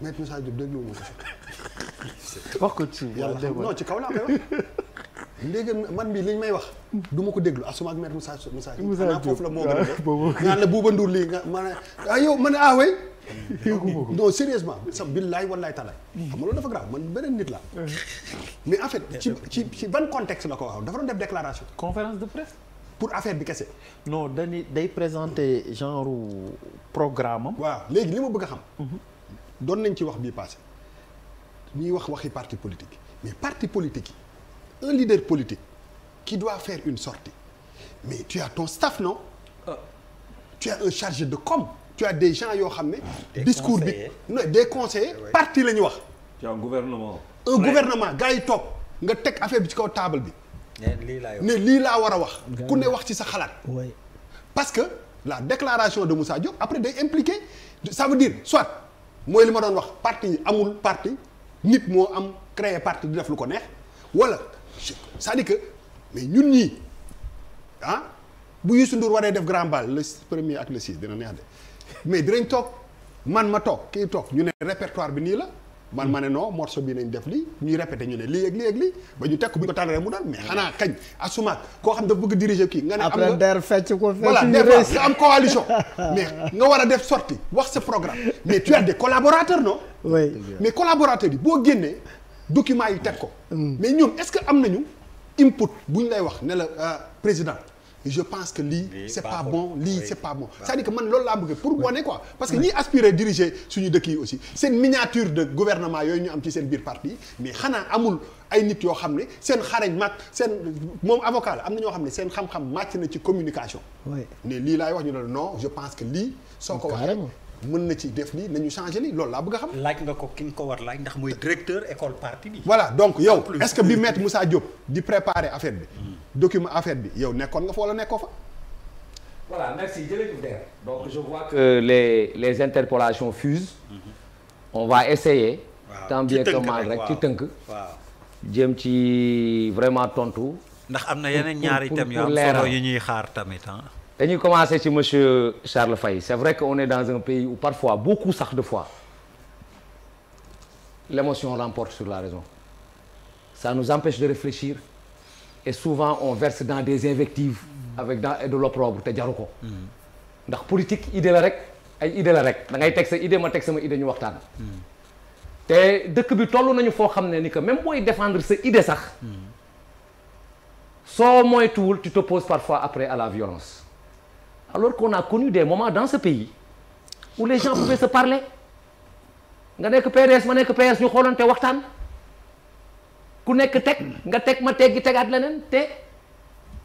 maître Moussa Diop déglu ma ko si. wax ko ci yàlla dégg non ci kaw laa koy wax. léegi man mii liñ may wax. du ma ko déglu asuma ak maître Moussa Moussa Diop. Moussa Diop foofu la moo gën a ñaan la Bouba Ndour lii nga ma ne ah yow ma ne ah way non sérieusement sa billaay wallaay talaay xam nga loolu dafa grave man beneen nit la mais en fait ci ci ci ban contexte la ko waxoon dafa doon def déclaration conférence de presse pour affaire bi kese non dañuy day présenter genre programme am waaw léegi li ma bëgg a xam mhm. doon nañ ci wax bii passé ñuy wax waxi parti politique mais parti politique yi un leader politique qui doit faire une sortie mais tu as ton staff non ah. tu as un chargé de comme tu as des gens yoo xam ne discours bi non des conseillers eh parti la ñu wax tu as un gouvernement un yi toog nga teg affaire bi ci kaw table bi ne lii laa war a wax ku ne wax ci sa xalaat parce que la déclaration de Moussa Diop après day impliquer ça veut dire soit mooy li ma doon wax parti yi amul parti nit moo am créer parti di def lu ko neex wala cest à que mais ñun ñii ah bu Youssou Ndour waree def grand bal le premier ak le six dina neex de mais dinañ toog man ma toog kii toog ñu ne répertoire bi nii la man ma ne non morceau bi nañu def li ñuy répété ñu ne lii ak lii ak lii ba ñu tekk bu ñu ko tàllalee mu dal mais xanaa kañ asumaak koo xam dafa bëgg diriger kii nga ne am après der fecc ko voilà nga am coalition mais nga war a def sortie wax sa programme mais tu as des collaborateurs non mais collaborateurs yi boo génnee document yi teg ko mm. mais ñoom est-ce que am nañu input bu ñu lay wax ne la euh, président je pense que lii c'est pas bon lii c'est pas bon cest dire que man loolu laa bëgg pour ne ko parce que ñiy aspirer diriger suñu dëkk yi aussi seen miniature de gouvernement yooyu ñu am ci seen biir parti mais xanaa amul ay nit yoo xam ne seen xarañ màcc seen moom avocat la am na ñoo xam ne seen xam-xam màcc na ci communication ne lii laay wax ñu ne no je pense que lii soo ko waxee mën na ci def lii nañu changé lii loolu laa bëgg a xam. laaj nga ko ki nga ko war laaj ndax muy directeur école parti bi. voilà donc yow est-ce que bi maître Moussa Diop di préparer affaire bi. Hmm. document affaire bi yow nekkoon nga fa wala nekkoo fa. voilà merci jërëjëf Der donc je vois que euh, les les interpellations fusent. Hmm. on va essayer. waaw tant bien tënk. waaw jëm ci vraiment tontu. ndax am na yeneen ñaari thèmes yu am solo ñuy xaar tamit ah. dañuy commencer ci monsieur Charles Faye c'est vrai que on est dans un pays où parfois beaucoup sax de fois l'émotion remporte sur la raison ça nous empêche de réfléchir et souvent on verse dans des invectives avec dans de l'opprobre te jaru ko ndax politique idée la rek ay idée la rek da ngay teg sa idée ma teg sa ma idée ñu waxtaan te dëkk bi toll nañu foo xam ne ni que même mooy défendre sa idée sax soo moytuwul tu t'opposes parfois après à la violence alors qu'on a connu des moment dans ce pays où les gens pouvaient se parler nga nekk PDS ma nekk PS ñu xoolante waxtaan ku nekk teg nga teg ma teggi tegaat leneen te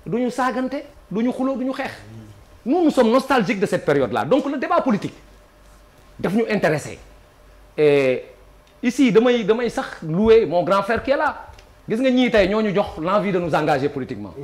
du ñu saagante du ñu xuloo du ñu xeex nous nous sommes nostalgiques de cette période là donc la débat politique daf ñu intéressé et ici damay damay sax louer mon grand frère qui est gis nga ñii tey ñoo ñu jox l'envie de nous engager politiquement. Mmh.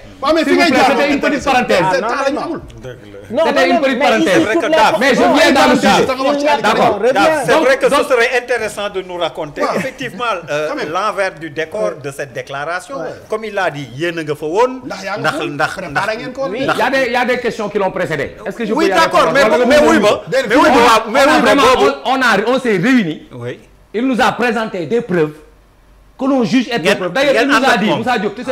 waaw mais fi ngay jaar c'était une petite parenthèse. non c'était une petite parenthèse. mais je viens dans le sujet. d'accord c'est vrai que ce serait intéressant de nous raconter effectivement l'envers du décor de cette déclaration. comme il l'a dit yéen a nga fa woon. ndax a des questions qui l'ont précédé. est-ce que je peux y aller oui d'accord mais mais mais on s'est réunis. il nous a présenté des preuves que l'on juge être des preuves. d'ailleurs il nous a dit Moussa Diop tu ah,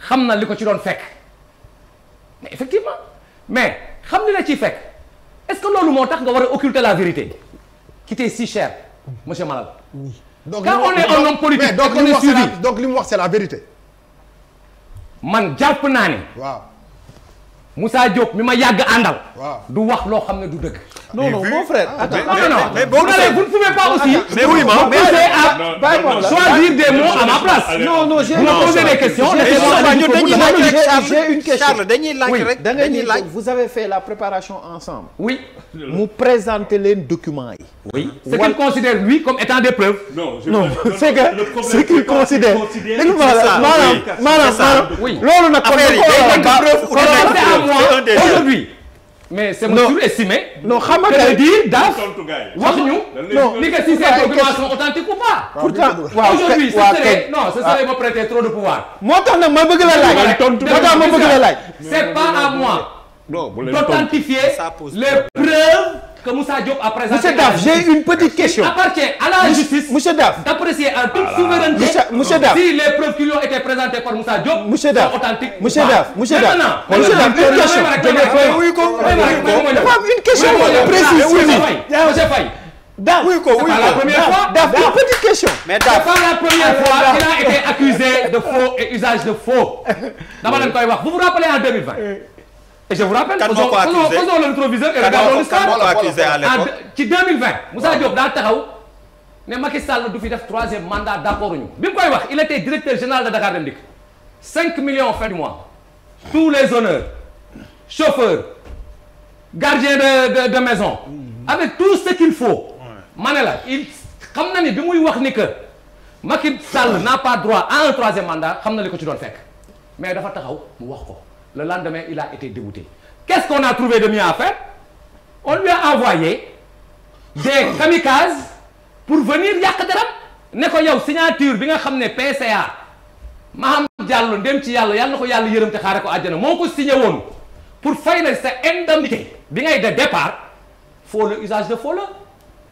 xam na li ko ci doon fekk mais effectivement mais xam ni la ci fekk est-ce que loolu moo tax nga war a occulter la vérité qui t'est si monsieur Malal. Oui. donc quand on est un homme donc li mu wax c'est donc la vérité. man jàpp naa ne. waaw Moussa Diop mi ma yàgg àndal. waaw du wax loo xam ne du dëgg. non non mon frère. Ah, attends non non vous ne pouvez pas aussi. mais oui des mots à ma place. non j'ai une question Charles dañuy laaj rek da ngay laaj vous avez fait la préparation ensemble. oui. mu présenter leen documents yi. oui ce qu'il considère lui comme étant des preuves. non non c'est que ce qu'il considère. maanaam maanaam aujourd'hui mais c'est ma surestimé. non xam nga tey jii daaf. wax non li nga si c'est information authentique ou pas. aujourd'hui ce ce serait ah. me prêter trop de pouvoir. moo tax nag ma bëgg la laaj. moo tax ma bëgg la laaj. c'est pas à moi. non bu leen que Moussa Diop a présenté. Monsieur Daf j'ai une petite question. Il appartient à la justice. Monsieur Daf d'apprécier en toute souveraineté. Monsieur Daf si les preuves qui lui ont été présentées par Moussa Diop. Monsieur Daf sont authentiques. Monsieur Daf Monsieur Daf Monsieur Daf une question. dafa am une question précise. monsieur Faye. Daf wuyu ko wuyu ko Daf une petite question. mais Daf c'est pas la première fois qu'il a été accusé de faux et usage de faux. dama leen koy wax vous vous rappelez en 2020. et je vous rappelle kan moo ko accusé faisons le taxaw ne Macky Sall du fi def troisième mandat d'accord uñu bi mu koy wax il était directeur général de Dakar Dem Dikk 5 millions fin du mois tous les honneurs chauffeur gardien de de, de maison avec tout ce qu'il faut ma il xam na ni bi muy wax ni que Macky Sall n'a pas droit à un troisième mandat xam na li ko ci doon fekk mais dafa taxaw mu wax ko Le lendemain, il a été débouté. Qu'est-ce a trouvé de mieux à faire On lui a envoyé des kamikazes pour venir yàq deram ne ko yow signature bi nga xam ne PCA Maham Diallo ndem ci yàlla yàlla na ko yàlla yërëm te xaare ko àjjana moo ko signé woon pour fay la sa indemnité bi ngay de départ faux le usage de faux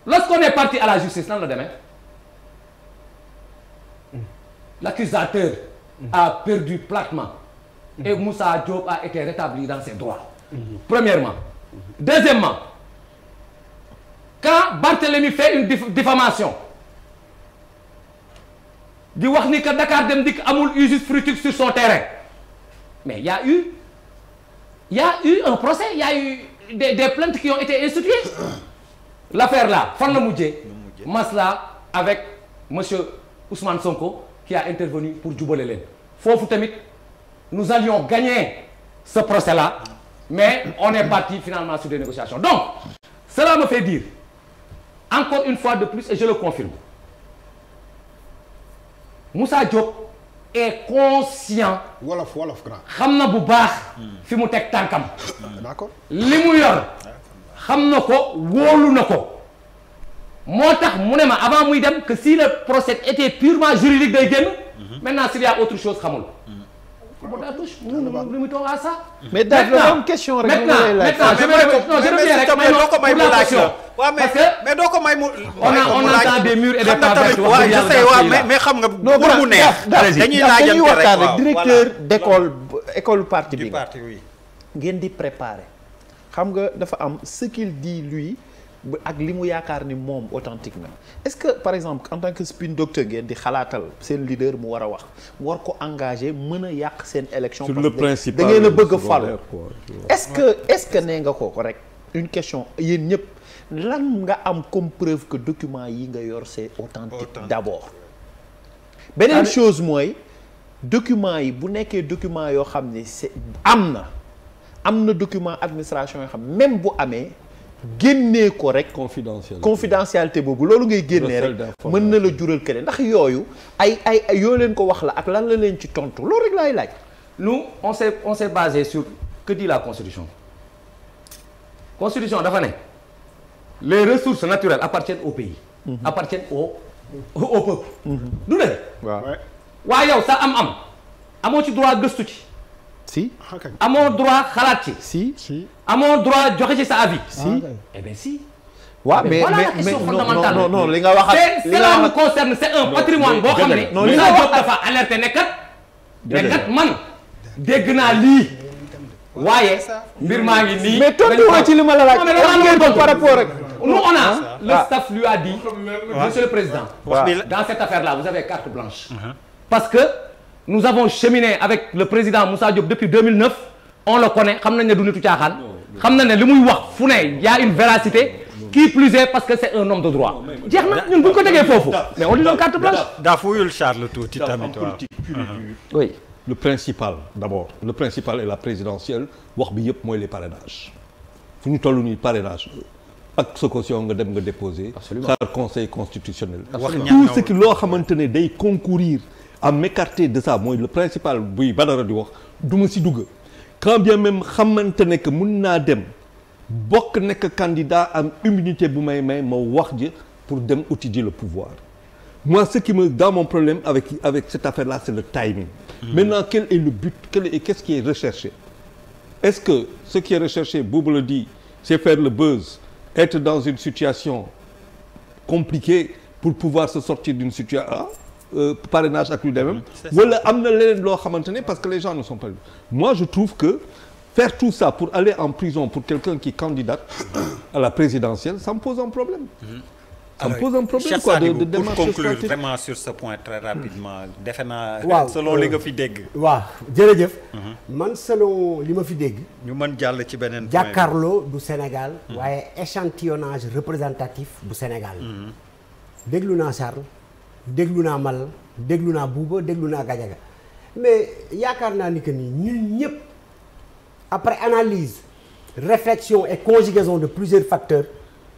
la kon est parti à la justice nan la demee l'accusateur a perdu platement Et Moussa Diop a été rétabli dans ses droits. Premièrement. Deuxièmement, quand Barthélemy fait une dif diffamation di wax ni que Dakar Dem Dikk amul usufructue sur son terrain mais il y a eu il y a eu un procès il y a eu des des qui ont été instituées l'affaire là fan la mujjee masla avec monsieur Ousmane Sonko qui a intervenu pour jubale leen foofu tamit nous allions gagner ce procès-là, mais on est parti finalement sur des négociations. Donc, cela me fait dire, encore une fois de plus, et je le confirme, Moussa Diop est conscient. wolof xam na bu baax. fi mu teg tànkam. Hmm. d'accord li mu yor. xam na ko wóolu na ko. moo tax mu ne ma avant muy dem que si le procès était purement juridique day génn. Hmm. maintenant s'il y autre chose xamul. Hmm. pour la touche nous nous limitons à ça. mais daal la bonne question rek. maintenant maintenant mais doo ko may mu. mais xam nga. pour mu neex dañuy laajante waxtaan rek directeur d'école parti bi. ngeen di préparer. xam nga dafa am ce qu'il dit lui. ak li mu yaakaar ni moom authentique na est-ce que par exemple en tant que spin docteur ngeen di xalaatal seen leader mu war a wax mu war ko engagé mën a yàq seen élection sur le principal da ngeen a bëgg a falu est-ce que est-ce que nee nga ko ko rek une question yéen ñëpp lan nga am comme preuve que document yi nga yor c'est authentique d'abord beneen chose mooy document yi bu nekkee document yoo xam ni c'est am na am na document administration yoo xam même bu amee génnee ko rek confidentialité confidentialité boobu loolu ngay génnee rek mën na la jural keneen ndax yooyu ay ay yoo leen ko wax la ak lan la leen ci tontu loolu rek laay laaj nous on s'est on s'est basé sur que dit la constitution constitution dafa ne les ressources naturelles appartiennent au pays mm -hmm. appartiennent au au mhm. du dëgg waaw yow sa am am amoo ci droit gëstu ci a ah, amoo droit xalaat ci. si si amoo droit joxe ci sa avis. Ah, si eh bien si. waaw eh mais mais mais, mais non li nga wax. a cela nous concerne c'est un patrimoine boo xam ne. non li nga wax dafa alerté ne kat. ne kat man dégg naa lii. waaye mbir maa ngi nii. mais tontu nga ci li ma la laaj. ngeen par rapport on a ah. le staff lui a dit. monsieur le président. dans cette affaire là vous avez carte blanche. Uh-huh. parce que. nous avons cheminé avec le président Moussa Diop depuis 2009 on le connaît xam na ne du nitu caaxaan xam na ne li muy wax fu ne y une véracité qui plus est parce que c'est un homme de droit jeex na ñun bu ko tegee foofu mais on lui donne carte blanche daa fuyul le principal d'abord le principal est la présidentielle wax bi yëpp mooy le parrainages fu ñu toll nii parrainage ak sa caution nga dem nga déposer xaar conseil constitutionnel tout ce qui loo xamante ne day concourir à m'écarter de ça mooy le principal buy Badara di wax du ma si dugg quand bien même xamante ne que mun naa dem bokk nekk candidat am immunité bu may may ma wax ji pour dem outil ji le pouvoir moi ce qui me dans mon problème avec avec cette affaire là c'est le timing mmh. maintenant quel est le but quel est qu'est-ce qui est recherché est-ce que ce recherché Boubou le dit c'est faire le buzz être dans une situation compliquée pour pouvoir se sortir d'une situation ah, Euh, parrainage ak yu demee wala am na leneen loo xamante ne parce que les gens ne sont pas moi je trouve que faire tout ça pour aller en prison pour quelqu'un qui candidate à la présidentielle ça me pose un problème mhm. ça Alors, me pose un problème quoi de, de démarche pour conclure vraiment sur ce point très rapidement defe naa waaw selon li nga fi dégg waaw jërëjëf mhm. man selon li ma fi dégg ñu mën jàll ci beneen jàkkaarloo du Sénégal mhm. waaye échantillonnage représentatif bu Sénégal déglu naa Charles déglu naa Mal déglu naa Bouba déglu naa gajaga mais yaakaar naa ni que ni ñun ñëpp après analyse réflexion et conjugaison de plusieurs facteurs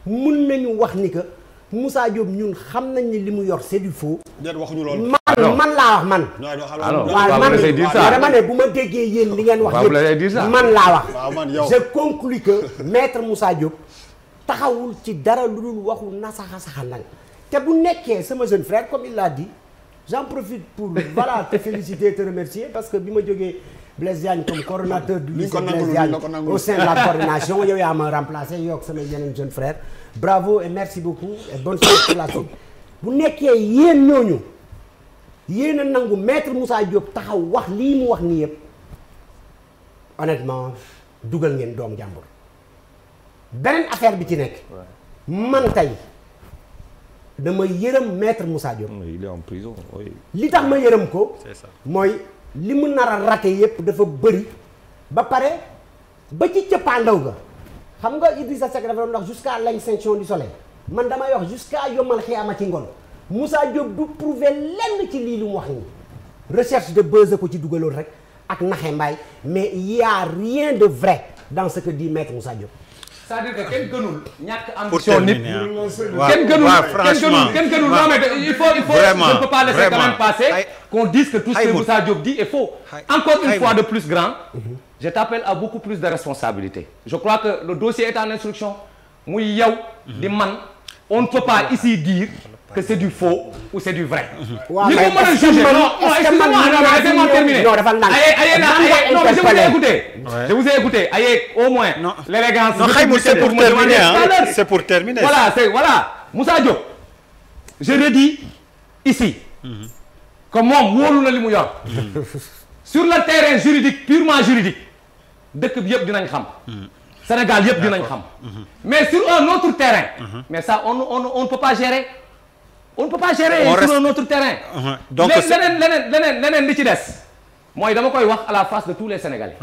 mun nañu wax ni que Moussa Diop ñun xam nañ ni li mu yor c'est du faux. déet waxuñu loolu. man man laa wax man. alors waaw man dama ne bu ma déggee yéen li ngeen wax. yëpp man laa wax. je conclus que maître Moussa Diop taxawul ci dara lu dul waxu nasaxa saxa te bu nekkee sama jeune frère comme il l'a di j'en profit pour voilà te féliciter te remercier parce que bi ma jógee Blaise Diagne comme coordonnateur du lycée Blaise Diagne au sein de la coordination yow yaa ma remplacé yow ak sama yeneen jeune frère bravo et merci beaucoup et bonne chance pour la bu nekkee yéen ñooñu yéen a nangu maître Moussa Diop taxaw wax lii mu wax nii yëpp honnêtement dugal ngeen doom jàmbur beneen affaire bi ci nekk man tey dama yërëm maître Moussa Diop. il est en prison li tax ma yërëm ko. c'est mooy li mu nar a raté yëpp dafa bëri. ba pare ba ci cëppaandaw ga xam nga Idrissa Seck dafa doon wax jusqu'à l'extinction du soleil man damay wax jusqu'à yomal a ci ngol Moussa Diop du prouver lenn ci lii lu mu wax nii recherche de buzz ko ci dugaloon rek ak naxe mais il y rien de vrai dans ce que dit maître Moussa Diop. c'est-à-dire que kenn gënul ñàkk ambition nit kenn gënul kenn gënul kenn gënul non mais il pas laisser quand passer qu'on dise que tout ce que Moussa dit est faux encore une fois de plus grand mhm. je t'appelle à beaucoup plus de responsabilité je crois que le dossier est en instruction muy yow mhm. di man on ne peut pas ici dire que c'est du faux ou c'est du vrai. waaw mais est ce que man mii non dafa naan non je vous ai écouté. je vous ai écouté ayez au moins. non l'élégance non xëy voilà c'est voilà je le ici. que moom wóolu na li mu yor. Mm-hmm. sur le terrain juridique purement juridique dëkk bi yëpp dinañ xam. Mm-hmm. Sénégal yëpp dinañ xam. Mm-hmm. mais sur un autre terrain. mais ça on ne peut pas gérer. on ne peut pas gérer on sur notre terrain. Uh-huh. donc leneen leneen leneen leneen li ci des mooy dama koy wax à la face de tous les Sénégalais.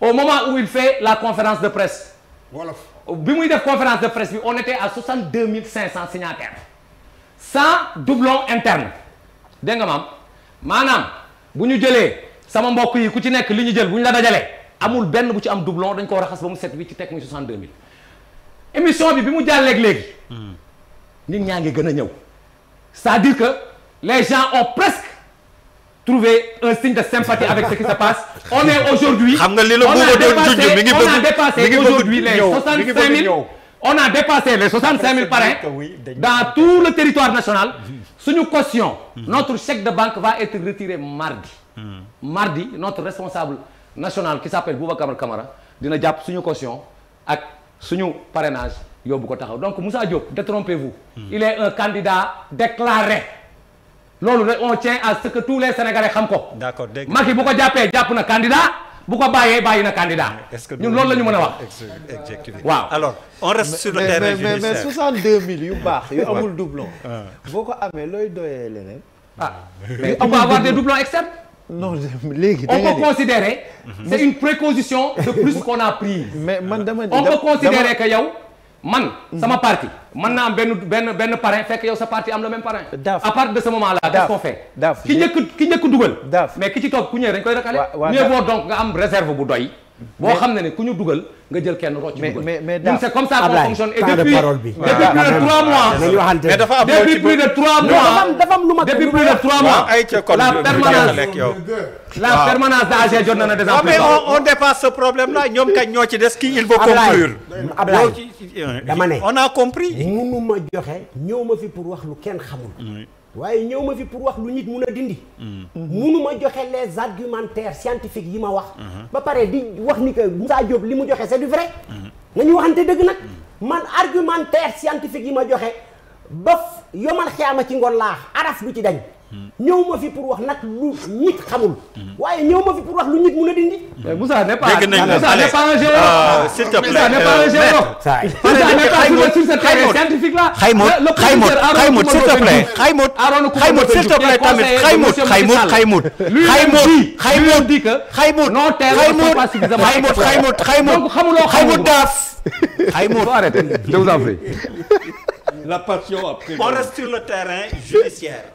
au moment où il fait la conférence de presse. wolof bi muy def conférence de presse bi on était à 62 500 signataires. sans doublon interne. dégg nga maam maanaam bu ñu jëlee sama mbokk yi ku ci nekk li ñu jël bu ñu la dajalee amul benn bu ci am doublon dañ ko raxas ba mu set wi ci teg muy 62 000 émission bi bi mu jàlleeg léegi. Hmm. nit ñaa ngi gën a ñëw. c'est-à-dire que les gens ont presque trouvé un signe de sympathie avec ce qui se passe on est aujourd'hui on a dépassé on a dépassé aujourd'hui les 65 000 on a dépassé les 65 000 parrains dans tout le territoire national suñu caution notre chèque de banque va être retiré mardi mardi notre responsable national qui s'appelle Boubacar Camara dina jàpp suñu caution ak suñu parrainage yóbbu ko taxaw donc Moussa Diop détrompez-vous. il est un candidat déclaré. loolu rek on tient à ce que tous les sénégalais xam ko. d'accord dégg Macky bu ko jàppee jàpp na candidat bu ko bàyyee bàyyi na candidat. ñun loolu la ñu mën a wax. waaw alors on reste sur le terrain judiciaire mais mais 62 000 yu baax yu doublon. boo ko amee looy doyee leneen. ah mais on va avoir léegi on peut considérer. Mhm. c'est une précaution de plus qu'on a prise. mais man dama on peut considérer que yow. man mm-hmm. sama parti mën naa am benn benn benn fekk yow sa parti am le même parrain. daaf à partir de ce moment là. quest ki njëkk ki njëkk dugal. daaf mais ki ci toog ku ñëwee dañ koy recalé. waaw donc nga am réserve bu doy. boo xam ne ne ku ñu dugal nga jël kenn rocc dugal mais mais mais c'est comme ça qu'on fonctionne et depuis depuis plus de trois dafa am depuis plus dafa am lu ma de trois mois la permanence na na déjà ah, mais on dépasse ñoo ci des kii il faut conclure Ablaye euh, dama ne on a compris mënu ma joxe ñëw ma fi pour wax lu kenn xamul waaye ñëw ma fi pour wax lu nit mun a dindi. Mm-hmm. munu ma joxe les argumentaires scientifiques yi ma wax. Mm-hmm. ba pare di wax ni que saa jóob li mu joxe c'est du vrai. Mm-hmm. nañu waxante dëgg nag. man argumentaire scientifique yi ma joxe ba yomal xiyaama ci ngoon laax araf du ci dañ. ñëw ma fi pour wax nag lu nit xamul. waaye ñëw ma fi pour wax lu nit mun a dindi. Moussa n'est pas Moussa n'est pas un géologue. s'il te plaît Moussa n'est pas un géologue. Moussa n'est pas sur ce terrain scientifique là. Xaymot Xaymot Xaymot s'il te plaît. Xaymot Xaymot s'il te plaît tamit Xaymot Xaymot Xaymot. lui Xaymot dit que. Xaymot non terrain n'est pas suffisamment. Xaymot Xaymot Xaymot donc xamuloo Xaymot daaf. Xaymot faut arrêter je vous en prie. la passion après. on reste sur le terrain judiciaire.